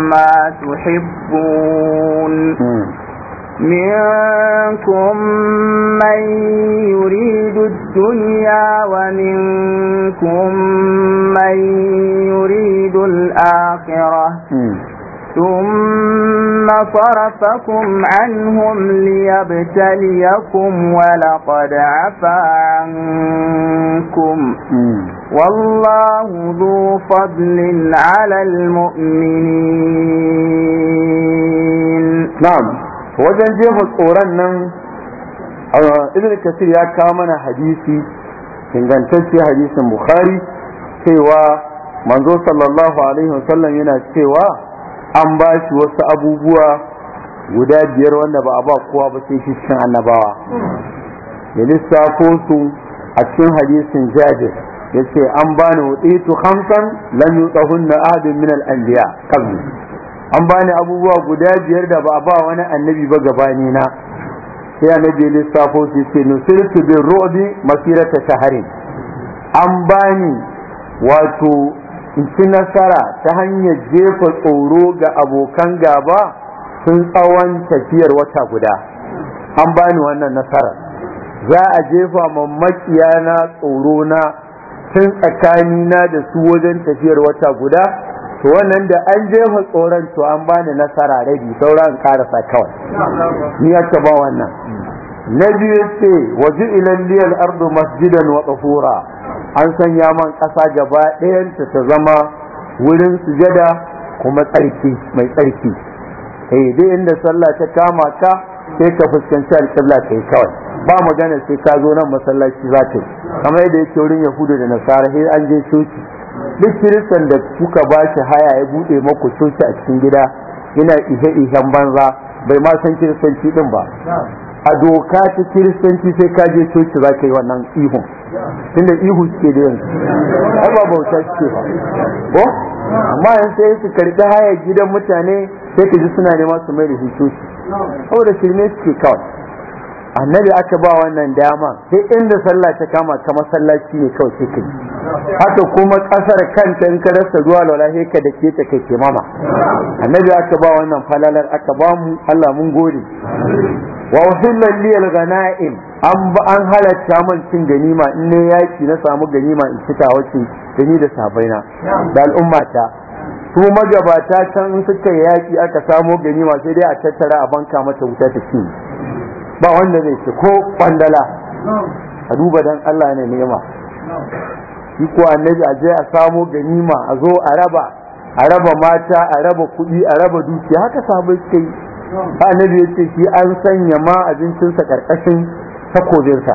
ما تحبون منكم من يريد الدنيا ومنكم من يريد الآخرة ثم صرفكم عنهم ليبتليكم ولقد عفا عنكم والله ذو فضل على المؤمنين نعم wajen jefa tsoron nan ibn kasir ya kawo mana hadisi ingantacce hadisin bukhari cewa manzo sallallahu alaihi wasallam yana cewa an ba shi wasu abubuwa guda biyar wanda ba a ba kowa ba sai shi cikin annabawa ya lissafo su a cikin hadisin jabir ya ce an ba ni su hamsan lam na ahadun min al-anbiya an ba ni abubuwa guda biyar da ba a ba wani annabi ba gabani na sai annabi ya lissafo su ce nusirtu bin ru'bi masirata shaharin an ba ni wato ci nasara ta hanyar jefa tsoro ga abokan gaba sun tsawon tafiyar wata guda an bani wannan nasara za a jefa mammakiya na tsoro na tun na da su wajen tafiyar wata guda to wannan da an jefa tsoron to an bani nasara rabi sauran karasa kawai ni aka ba wannan na biyu ce waje ilan liyar ardu masjidan wa an sanya man ƙasa gaba ɗayanta ta zama wurin sujada kuma tsarki mai tsarki eh dai inda sallah ta kama ka sai ka fuskanci alƙibla yi kawai ba magana sai ka zo nan masallaci za yi. kamar yadda yake wurin yahudu da nasara sai an je coci duk kiristan da kuka ba shi haya ya buɗe maku coci a cikin gida yana ihe ihen banza bai ma san kiristanci din ba a doka ta kiristanci sai ka je coci za ka yi wannan ihun tunda ihu suke da yanzu ai ba bauta suke ba ko amma yanzu sai su karbi haya gidan mutane sai ka ji suna nema su mai da hutoshi saboda shirme suke kawai annabi aka ba wannan dama sai inda sallah ta kama ta masallaci ne kawai sai ka haka kuma kasar kanta in ka rasa ruwa lola sai ka da ke ta kai mama annabi aka ba wannan falalar aka ba mu Allah mun wa lalliyar liyal ghanaim an an halatta man cin ganima in ne yaki na samu ganima in cika wace gani da sabaina da al'umma ta su magabata can in suka yaki aka samo ganima sai dai a tattara a banka mata wuta ta ci ba wanda zai ce ko kwandala a duba dan Allah ne nema shi ko annabi a je a samo ganima a zo a raba a raba mata a raba kuɗi a raba dukiya haka sabai suka annabi ya ce shi an sanya ma abincinsa karkashin takobinsa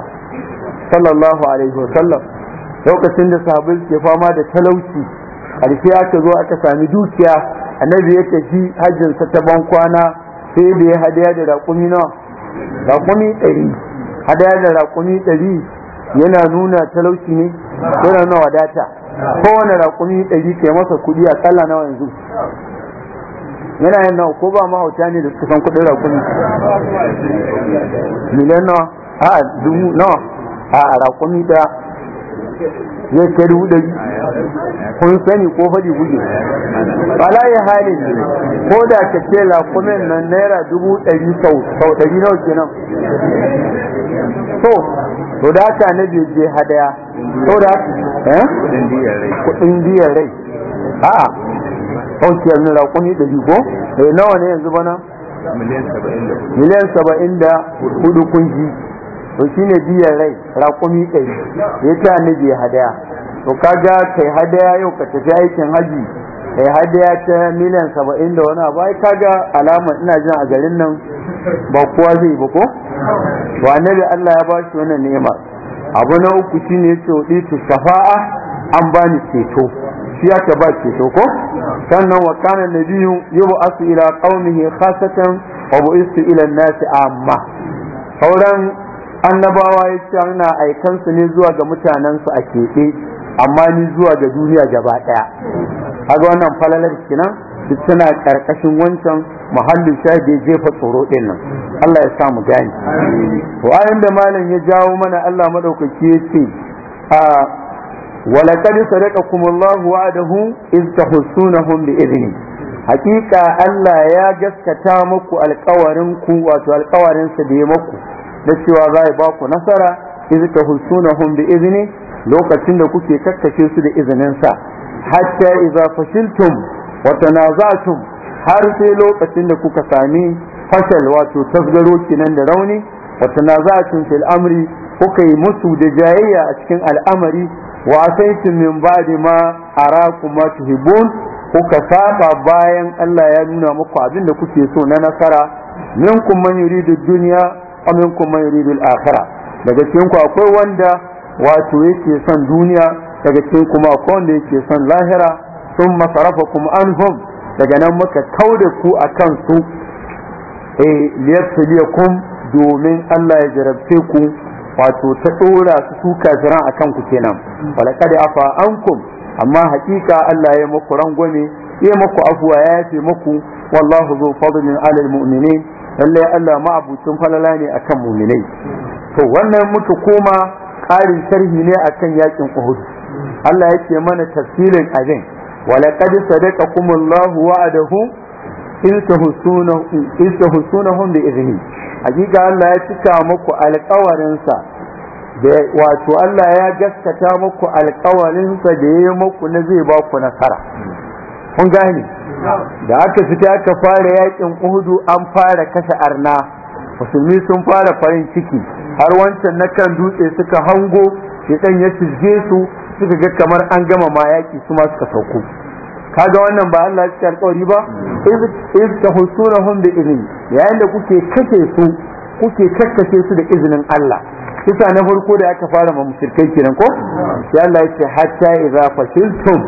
sallallahu alaihi wasallam lokacin da sahabbai ke fama da talauci ƙarshe aka zo aka sami dukiya annabi ya tafi hajjinsa ta ban kwana sai da ya hadaya da raƙumi nawa raƙumi ɗari hadaya da raƙumi ɗari yana nuna talauci ne yana nuna wadata kowane raƙumi ɗari ke masa kuɗi a nawa yanzu yana yin nawa ko ba mahauta ne da suka san kuɗin rakumi miliyan nawa a dubu nawa a rakumi da zai kai dubu ɗari kun sani ko faɗi guje bala ya halin ko da ka ce rakumin nan naira dubu ɗari sau ɗari nawa kenan to to da haka na je hadaya to da haka eh kuɗin biyar rai a'a ɗauke ni raƙumi da ko eh nawa ne yanzu bana miliyan saba'in da hudu kunji to ne biya rai raƙumi ɗari ya ce annabi ya hadaya to ga kai hadaya yau ka tafi aikin haji kai hadaya ta miliyan saba'in da wani abu ai kaga alama ina jin a garin nan ba kowa zai ba ko to annabi Allah ya ba shi wannan ni'ima abu na uku shine ya ce shafa'a an bani ceto siya ta ba ce to ko sannan wa kana nabiyyu asu ila qaumihi khasatan wa bu'istu ila an-nasi amma sauran annabawa yace ana aikan su ne zuwa ga mutanen su a keɓe amma ni zuwa ga duniya gaba daya kaga wannan falalar kenan duk tana karkashin wancan muhallin shahidi jefa tsoro din nan Allah ya sa mu gani to ayin da malam ya jawo mana Allah madaukaki yace a ah, ولقد صدقكم الله وعده إذ تحسونهم بإذنه حقيقة ألا يا جسكتا مكو القوارنكو واتو القوارن سديمكو نسيوا غاي باكو نصرا إذ تحسونهم بإذنه لو كتن كوكي كتشيو سد إذن انسا حتى إذا فشلتم وتنازعتم har sai lokacin da kuka sami fashal wato tasgaro kenan da rauni wata na za a fil amri kuka yi musu da jayayya a cikin al'amari wa asaitu min ba'di ma araku ma tuhibun kuka saba bayan Allah ya nuna muku abin da kuke so na nasara minkum man yuridu dunya wa minkum man yuridu al-akhirah daga cikin ku akwai wanda wato yake son duniya daga cikin kuma akwai wanda yake son lahira sun masarafa kuma anhum daga nan muka kauda ku akan su eh liyabtaliyakum domin Allah ya jarabce ku wato ta dora su su kafiran akan ku kenan walaqad afa ankum amma hakika Allah ya muku rangwame ya muku afuwa ya yafe muku wallahu zu fadlin alal almu'minin lalle Allah ma ma'abucin falala ne akan mu'minai to wannan muka koma ƙarin sharhi ne akan yakin Uhud Allah yake mana tafsirin abin walaqad sadaqakumullahu wa'adahu hun da izini, hakika Allah ya cika muku alkawarinsa da wato Allah ya gaskata muku alkawarinsa da ya yi muku na zai ba ku nasara kun gani da aka fita aka fara yakin uhudu an fara kashe arna musulmi sun fara farin ciki har wancan na kan dutse suka hango shedan ya cije su suka ga kamar an gama ma yaki su ma suka sauko kaga wannan ba Allah ya alƙawari ba iz tahsunahum bi izni yayin da kuke kashe su kuke kakkace su da izinin Allah kisa na farko da aka fara ma mushrikai kenan ko sai Allah ya ce hatta idza fashiltum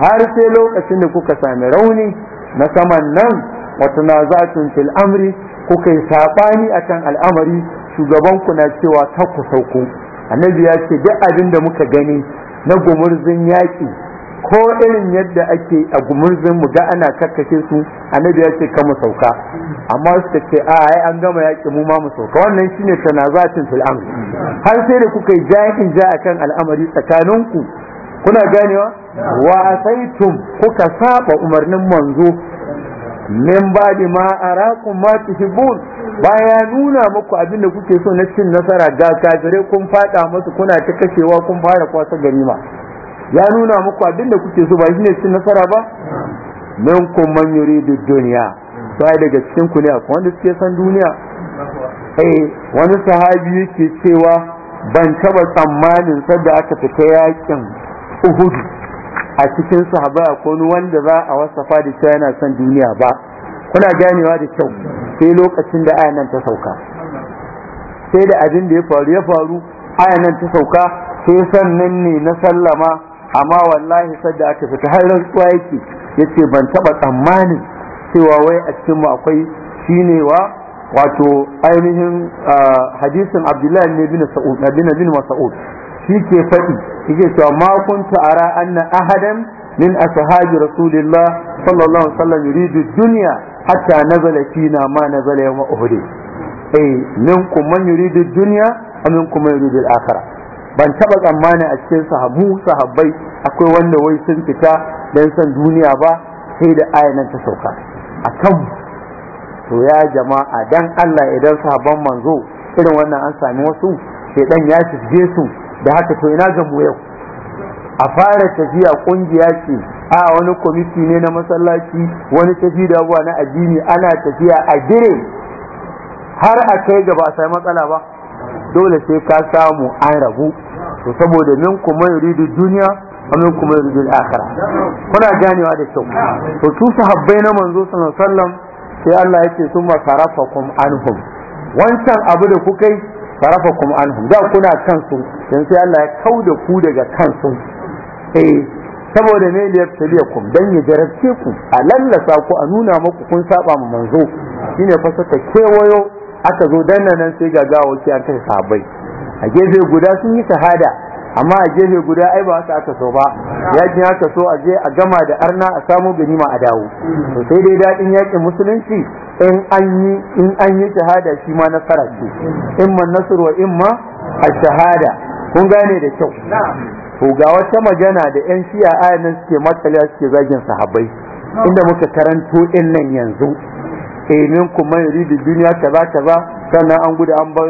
har sai lokacin da kuka sami rauni na saman nan wa tanaza'tum fil amri kuka yi sabani akan al'amari shugaban ku na cewa ta ku sauko annabi ya ce duk abin da muka gani na gumurzin yaƙi ko irin yadda ake a gumurzin mu ga ana kakkashe su annabi ya ce ka sauka amma su ce a ai an gama yaki mu ma mu sauka wannan shine tanazatin fil amr har sai da kuka yi jahin ja a kan al'amari tsakaninku kuna ganewa wa asaitum kuka saba umarnin manzo min ba'di ma arakum ma tuhibbun baya nuna maku abinda kuke so na cin nasara ga kafirai kun fada musu kuna ta kashewa kun fara kwasa ganima ya nuna muku abin da kuke so ba shi ne cin nasara ba nan kun man da duniya sai daga cikin ku ne akwai wanda suke san duniya eh wani sahabi yake cewa ban taba tsammanin sadda aka fita yakin Uhud a cikin sahaba akwai wanda za a wasafa da cewa yana son duniya ba kuna ganewa da kyau sai lokacin da ayan ta sauka sai da abin da ya faru ya faru ayan ta sauka sai sannan ne na sallama amma wallahi sadda aka fita har rantsuwa yake yace ban taba tsammani cewa wai a cikin mu akwai wa wato ainihin hadisin abdullahi ne bin sa'ud bin bin mas'ud shi ke faɗi yake cewa ma kuntu ara anna ahadan min ashabi rasulillah sallallahu alaihi wasallam yuridu dunya hatta nazala fina ma nazala yawm uhud eh min kuma yuridu dunya wa kuma man yuridu al-akhirah ban taba tsammani a cikin sahabu sahabbai akwai wanda wai sun fita dan san duniya ba sai da ayanan ta sauka a kan to ya jama'a dan Allah idan sahabban manzo irin wannan an sami wasu sai dan ya shige su da haka to ina ga yau a fara tafiya kungiya ce a wani kwamiti ne na masallaci wani tafi da na addini ana tafiya a dire har a kai ba sai matsala ba dole sai ka samu an rabu to saboda min kuma yuridu duniya wa min kuma yuridu akhira kuna ganewa da kyau to su sahabbai na manzo sallallahu alaihi wasallam sai Allah yake summa sarafakum anhum wancan abu da kuka yi sarafakum anhum da kuna kansu dan sai Allah ya kauda ku daga kansu eh saboda ne da kum dan ya jarabce ku a lallasa ku a nuna muku kun saba mu manzo shine fasaka kewayo aka zo dan nan sai ga ki an kai sahabbai a gefe guda sun yi shahada amma a gefe guda ai ba haka aka so ba yakin aka so a je a gama da arna a samu ganima a dawo to sai dai daɗin yakin musulunci in an yi in an yi shahada shi ma nasara ce in man nasru wa in ma shahada kun gane da kyau to ga wata magana da yan shi'a ayan suke matsala suke zagin sahabbai inda muka karanto din nan yanzu eh minkum man ta dunya kaza kaza sannan an gudu an bar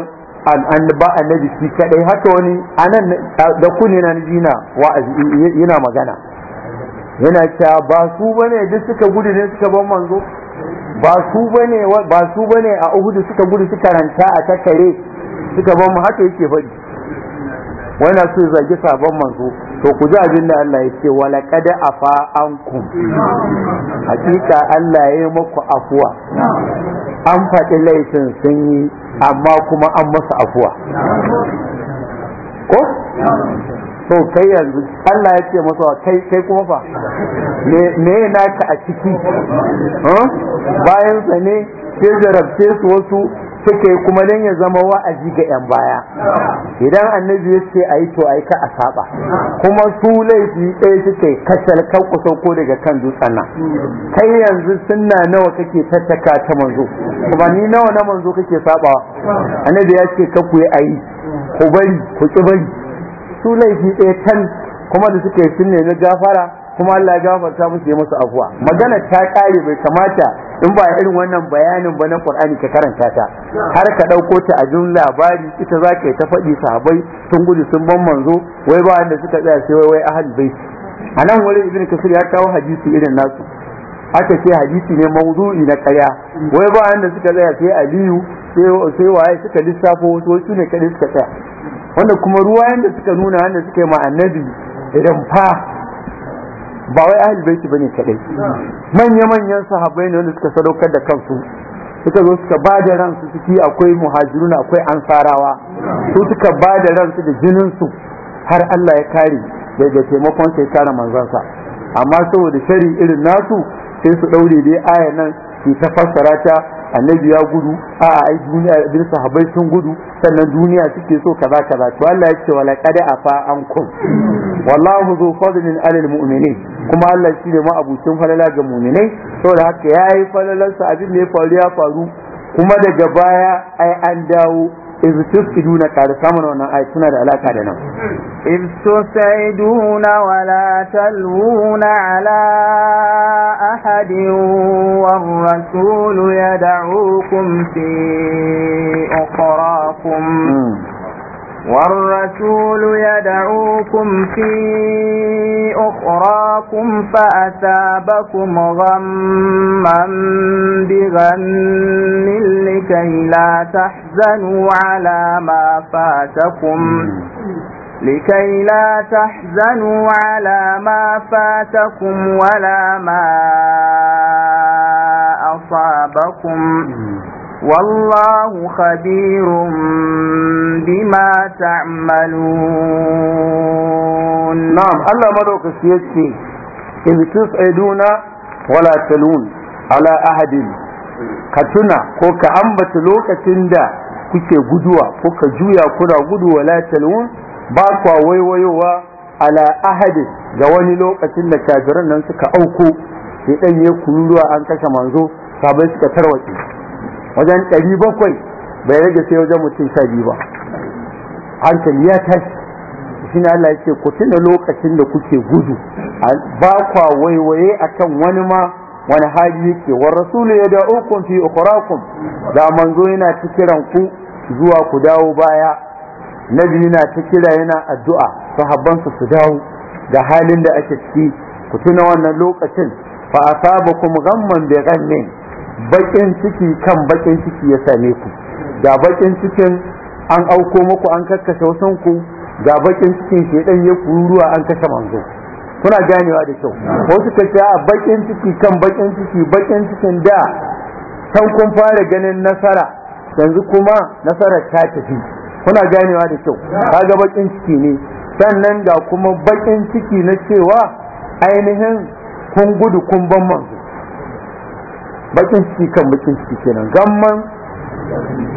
an ba annabi shi kadai haka wani anan da ne na jina wa'azi yana magana yana cewa ba su bane duk suka gudu ne suka ban manzo ba su bane ba su a Uhudu suka gudu suka ranta a takare suka ban mu haka yake faɗi Wani su so zagi sabon manzo to ku ji abin da Allah ya ce wala kada afa ankum hakika Allah ya yi muku afuwa an faɗi laifin sun yi amma kuma an masa afuwa ko to kai yanzu Allah ya ce masa kai kai kuma fa me naka a ciki bayan sa ne sai zarabce su wasu suka kuma don ya zama wa'azi ga 'yan baya idan annabi ya ce a yi to a ka a saba kuma su laifi ɗaya suke kasal kan ko daga kan dutsen nan kai yanzu sunna nawa kake tattaka ta manzo kuma ni nawa na manzo kake sabawa annabi ya ce ka ku yi ku bari ku ki bari su laifi ɗaya tan kuma da suka yi sun nemi gafara kuma Allah ya gafarta musu ya musu afuwa magana ta ƙare bai kamata in ba irin wannan bayanin ba na qur'ani ka karanta ta har ka dauko ta a jin labari ita za ka ta faɗi sahabbai sun gudu sun ban manzo wai ba wanda suka tsaya sai wai wai ahal bait a nan wurin ibn kasir ya kawo hadisi irin nasu aka ce hadisi ne mawdu'i na kaya wai ba wanda suka tsaya sai aliyu sai waye suka lissafo wasu ne kadai suka tsaya wanda kuma ruwa yanda suka nuna yanda suka yi ma annabi idan fa ba wai ahal baiti bane kadai manya manyan sahabbai ne wanda suka sadaukar da kansu suka zo suka ba da ransu suke akwai muhajiruna akwai ansarawa su suka ba da ransu da jinin su har Allah ya kare daga taimakon sai kare manzansa amma saboda shari irin nasu sai su daure dai aya nan su ta fassara ta annabi ya gudu a a ai duniya bin sahabbai sun gudu sannan duniya suke so kaza kaza to Allah ya ce wala qad afa ankum wallahu zu fadlin alal mu'minin kuma Allah shi ne ma abucin falala ga mu'minai saboda haka yayi falalansa abin ne ya faru ya faru kuma daga baya ai an dawo izu tusiduna kare samun wannan ai suna da alaka da nan إذ تسعدون ولا تلوون على أحد والرسول يدعوكم في أخراكم والرسول يدعوكم في أخراكم فأثابكم غما بغم لكي لا تحزنوا على ما فاتكم لكي لا تحزنوا على ما فاتكم ولا ما أصابكم والله خبير بما تعملون نعم الله مدوك سيدتي إذ تسعدون ولا تلون على أحد كتنا كوك أنبت لوك تندا kuke guduwa kuka juya kuna gudu wala talun ba kwa waiwayowa ala ahadi ga wani lokacin da kafiran nan suka auko sai dan ya kururuwa an kashe manzo sabai suka tarwace wajen ɗari bakwai bai rage sai wajen mutum sha biyu ba hankali ya tashi shi Allah yake ku tuna lokacin da kuke gudu ba kwa waiwaye akan wani ma wani hali yake wa rasulu ya da'ukum fi ukhrakum da manzo yana ta ku zuwa ku dawo baya nabi na ta kira yana addu'a sahabban su su dawo da halin da ake ciki ku tuna wannan lokacin fa asabakum ghamman bi ghammin bakin ciki kan bakin ciki ya same ku ga bakin cikin an auko muku an kakkashe wasan ku ga bakin cikin shedan ya kururuwa an kashe manzo kuna ganewa da kyau ko su ce a bakin ciki kan bakin ciki bakin cikin da can kun fara ganin nasara yanzu kuma nasarar ta tafi kuna ganewa da kyau kaga bakin ciki ne sannan ga kuma bakin ciki na cewa ainihin kun gudu kun ban manzo bakin ciki kan bakin ciki kenan gamman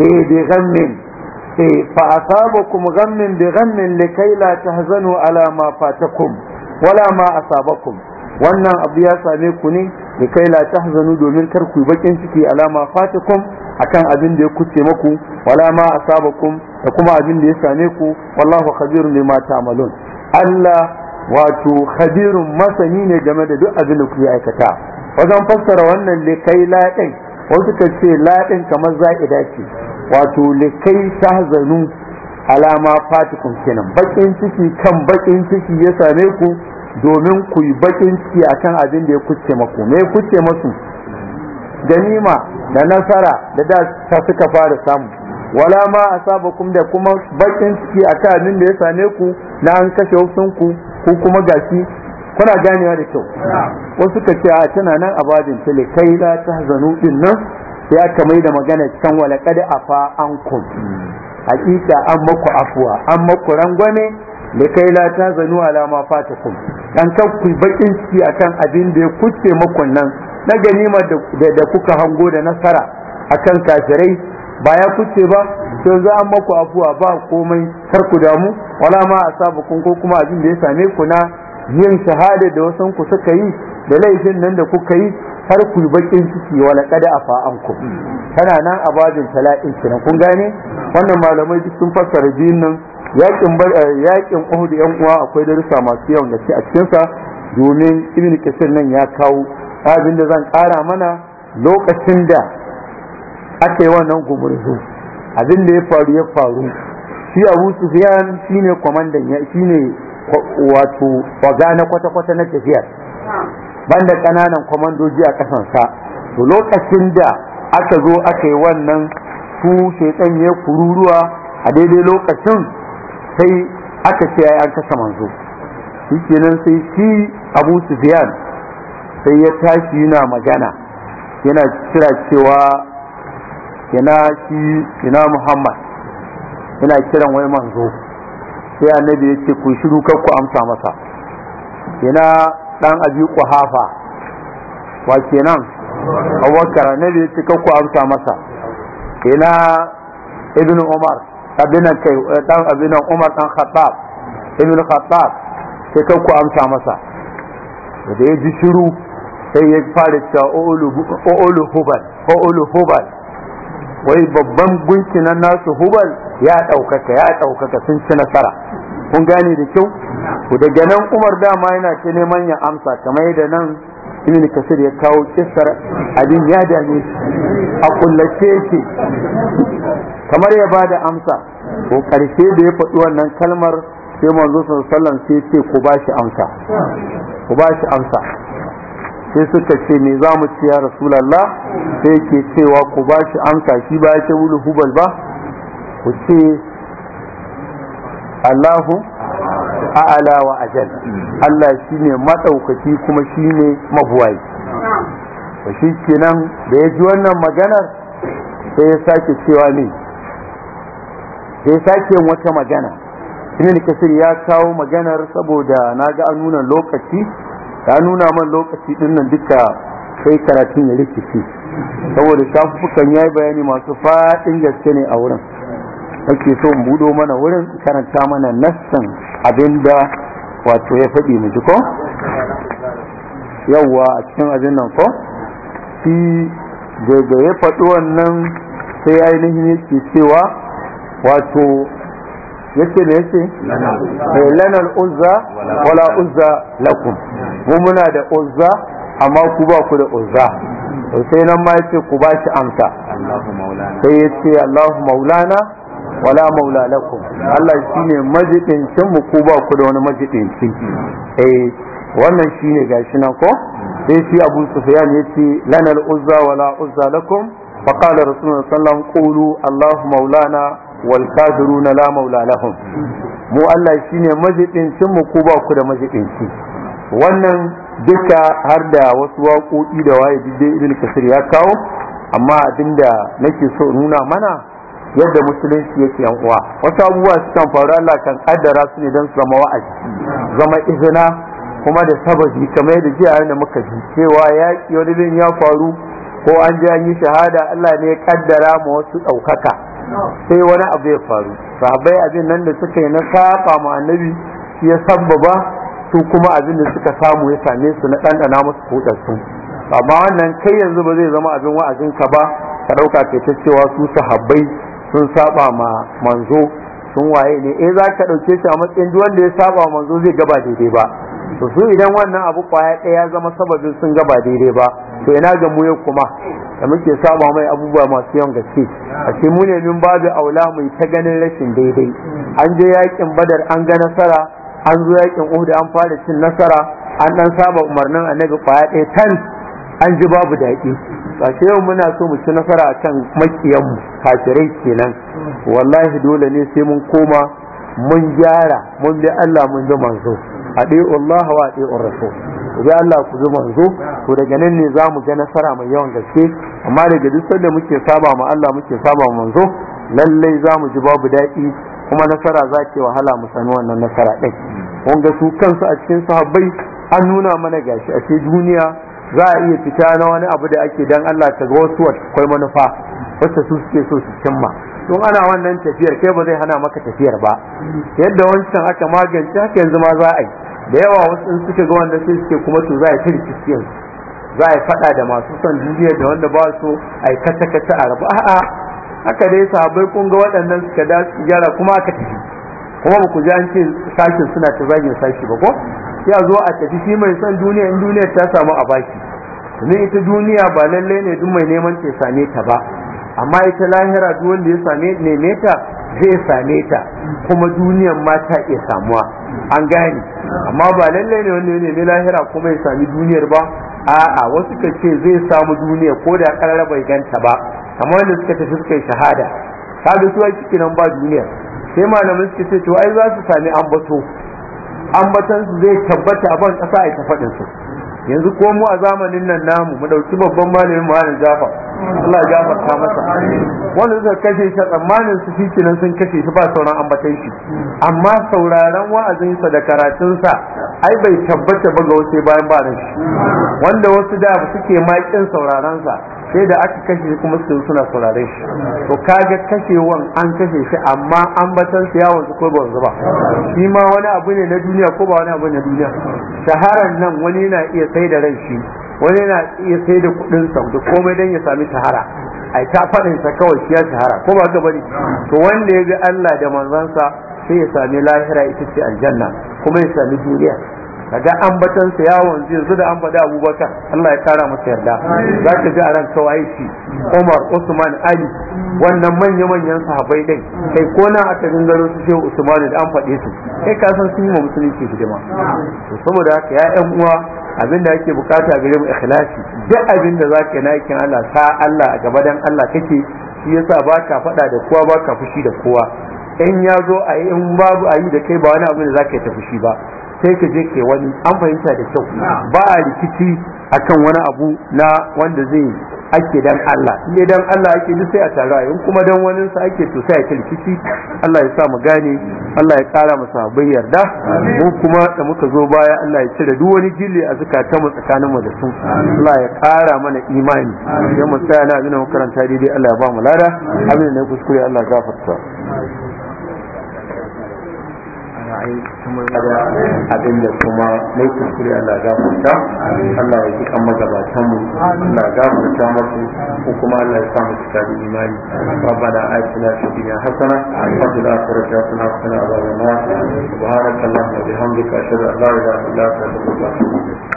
eh bi gammin eh fa asabakum gammin bi gammin kai la tahzanu ala ma fatakum wala ma asabakum wannan abu ya same ku ne kai la tahzanu domin karku ku bakin ciki alama fatakum akan abin da ya kuce maku wala ma asabakum da kuma abin da ya same ku wallahu khabirun bima ta'malun Allah wato khabirun masani ne game da duk abin da ku yi aikata wajen fassara wannan kai laɗin wasu ka ce laɗin kamar za'ida ce wato kai tahzanu alama fatikum kenan bakin ciki kan bakin ciki ya same ku domin ku yi bakin ciki akan abin da ya kuce maku me kuce masu ganima da nasara da da ta suka fara samu wala ma asabakum da kuma bakin ciki akan abin da ya same ku na an kashe wasunku ku kuma gashi kuna ganewa da kyau wasu ka ce a tana nan abadin tale kai la tahzanu din nan sai aka mai da magana can wala kad afa ankum hakika an maku afuwa an maku rangwame da kai la ta zanu alama fatakum dan kan ku bakin ciki akan abin da ya kuce makun nan na ganima da kuka hango da nasara a kan kafirai ba ya kuce ba to za an maku afuwa ba komai kar ku damu wala ma asabukum ko kuma abin da ya same ku na yin shahada da wasan ku suka yi da laifin nan da kuka yi har ku yi bakin ciki wala kada afa ku tana nan a babin tala'in kiran kun gane wannan malamai duk sun fassara biyun nan yakin eh, yakin Uhud yan uwa akwai darussa masu yawan ke a cikin sa domin ibn kasir nan ya kawo abin da zan ƙara mana lokacin da aka wannan gumurzu abin da ya faru ya faru shi abu sufiyan shi ne kwamandan ya shi ne wato waga na kwata-kwata na tafiyar banda ƙananan kwamandoji a kasansa to lokacin da aka zo aka yi wannan su shekan ya kururuwa a daidai lokacin sai aka ce ya an kasa manzo shi kenan sai shi abu sufiyan sai ya tashi yana magana yana kira cewa yana shi ina muhammad yana kiran wai manzo sai annabi ya ce ku shiru kar ku amsa masa yana dan abi kuhafa wa kenan abubakar annabi ya ce kar ku amsa masa yana ibn umar abin kai dan abin umar dan khattab ibn khattab sai kar ku amsa masa da ya ji shiru sai ya fara cewa o'olu hubal o'olu hubal wai babban gunki na nasu hubal ya ɗaukaka ya ɗaukaka sun ci nasara kun gane da kyau ku daga nan umar dama yana ce neman ya amsa kamar yadda nan ibn kasir ya kawo kissar abin ya dame a kullace yake kamar ya bada amsa ko karshe da ya faɗi wannan kalmar sai manzo sallallahu alaihi wasallam sai ce ku bashi amsa ku bashi amsa sai suka ce me za mu ciya ya rasulallah sai ke cewa ku ba shi amsa shi ba ya ce wulu hubal ba ku ce Allahu a'ala wa ajal Allah shi ne matsaukaki kuma shi ne mabuwai shi nan da ya ji wannan maganar sai ya sake cewa ne sai ya sake wata magana ne kasir ya kawo maganar saboda na ga lokaci ta nuna man lokaci din nan duka kai karatun ya rikici saboda shafukan yayi bayani masu fadin gaske ne a wurin ake so in budo mana wurin karanta mana nassan abinda wato ya faɗi mu ji ko yawwa a cikin abin nan ko shi daga ya faɗi wannan sai ainihin yake cewa wato yace me yace eh, al uzza wala uzza lakum mu muna da uzza amma ku ba ku da uzza sai nan ma yace ku ba shi amsa sai yace Allahu maulana wala maula lakum Allah shine majidincin mu ku ba ku da wani majidinci eh wannan shine gashi nan ko sai shi Abu Sufyan yace al uzza wala uzza lakum فقال رسول الله صلى الله عليه وسلم قولوا اللهم مولانا wal kafiruna la maula lahum mu Allah shine majidincin mu ko ba ku da shi wannan duka har da wasu waƙoƙi da waye dai ibn kasir ya kawo amma abinda nake so nuna mana yadda musulunci yake yan uwa wasu abubuwa su sukan faru Allah kan kaddara su ne don su zama wa'azi zama izina kuma da sababi kamar yadda jiya da muka ji cewa yaƙi wani ya faru ko an ji an yi shahada Allah ne ya kaddara ma wasu ɗaukaka sai wani abu ya faru sahabbai abin nan da suka yi na saba ma annabi shi ya sabbaba su kuma abin da suka samu ya same su na ɗanɗana musu kodarsu amma wannan kai yanzu ba zai zama abin wa'azin ka ba ka ɗauka ke ta cewa su sahabbai sun saba ma manzo sun waye ne eh za ka ɗauke shi a matsayin duk wanda ya saba manzo zai gaba daidai ba to su idan wannan abu kwaya ɗaya zama sababin sun gaba daidai ba to ina ga mu kuma da muke saba mai abubuwa masu yawan gaske a ce mu ne min babu aula mai ta ganin rashin daidai an je yakin badar an ga nasara an zo yakin uhud an fara cin nasara an dan saba umarnin annabi kwaya ɗaya tan an ji babu daɗi ba yau muna so mu ci nasara a makiyan mu kafirai kenan wallahi dole ne sai mun koma mun gyara mun bi Allah mun zo manzo adi'u Allah wa adi'u Rasul ubi Allah ku zo manzo ko daga nan ne zamu ga nasara mai yawan gaske amma daga duk sanda muke saba ma Allah muke saba ma manzo lalle zamu ji babu daɗi kuma nasara za ke wahala mu sani wannan nasara din kun ga su kansu a cikin sahabbai an nuna mana gashi a cikin duniya za a iya fita na wani abu da ake dan Allah ta ga wasu akwai manufa wacce su suke so su cimma don ana wannan tafiyar kai ba zai hana maka tafiyar ba yadda wancan aka magance haka yanzu ma za a yi da yawa wasu in suke ga wanda sai suke kuma to za a yi kirkiyar za a fada da masu son duniya da wanda ba su a yi kata kata a rabu a'a haka dai sabai kun ga waɗannan suka da gyara kuma aka tafi kuma ba ku ji an ce sashin suna ta zagin sashi ba ko ya zo a tafi shi mai son duniya in duniyar ta samu a baki domin ita duniya ba lallai ne duk mai neman ta same ta ba amma ita lahira duk wanda ya same neme ta zai same ta kuma duniyar ma ta iya samuwa an gane amma ba lallai ne wanda ya neme lahira kuma ya sami duniyar ba a'a wasu ka ce zai samu duniya ko da karara bai ganta ba kamar wanda suka tafi suka yi shahada kaga su ai nan ba duniya sai malamai suka ce to ai za su sami ambato ambatansu zai tabbata a ban kasa a ta faɗin su yanzu ko mu a zamanin nan namu mu ɗauki babban malamin malam jafa Allah ya gafarta masa wanda suka kashe shi tsammanin su shi kinan sun kashe shi ba sauran ambatan shi amma sauraron wa'azinsa da karatun sa, ai bai tabbata ba ga wasu bayan ba shi wanda wasu da suke makin sauraron sa sai da aka kashe kuma su suna sauraren shi to kaga kashewan an kashe shi amma an batan su yawon su ko ba wanzu ba shi ma wani abu ne na duniya ko ba wani abu na duniya shaharar nan wani na iya sai da ran shi wani na iya sai da kudin sa da komai dan ya sami shahara ai ta faɗin sa kawai shi ya shahara ko ba gaba ne to wanda ya ga Allah da manzansa sai ya sami lahira ita ce aljanna kuma ya sami duniya kaga ambatan sa yawon zai zu da ambata abubakar Allah ya kara masa yarda za ka ji a ran kawai Umar Usman Ali wannan manya manyan sahabbai dai kai ko nan aka dingaro su shehu Usman da an faɗe su kai ka san sun yi musulunci hidima to saboda haka ya ƴan uwa abin da ake bukata gare mu ikhlasi duk abin da zaka yi na Allah sa Allah a gaba dan Allah kake shi yasa baka faɗa da kowa baka fushi da kowa in ya zo a yi in babu a yi da kai ba wani abu da za ka yi ta fushi ba sai ka je ke wani an fahimta da kyau ba a rikici a kan wani abu na wanda zai ake dan Allah ne dan Allah ake duk sai a tare in kuma dan wani sa ake to sai a rikici Allah ya sa mu gane Allah ya kara mu sabon yarda mu kuma da muka zo baya Allah ya cire duk wani jille a zakata mu tsakanin mu da su Allah ya kara mana imani idan mu tsaya na abin karanta daidai Allah ya ba mu lada amin ne kuskure Allah ya gafarta abin da kuma mai kuskure Allah gafarta Allah ya ji kan magabatan mu Allah gafarta masu ko kuma Allah ya samu cika da imani rabbana da fid dunya shi wa fil akhirati hasana wa qina adhaban nar subhanakallahumma wa bihamdika ashhadu an la ilaha illa anta astaghfiruka wa atubu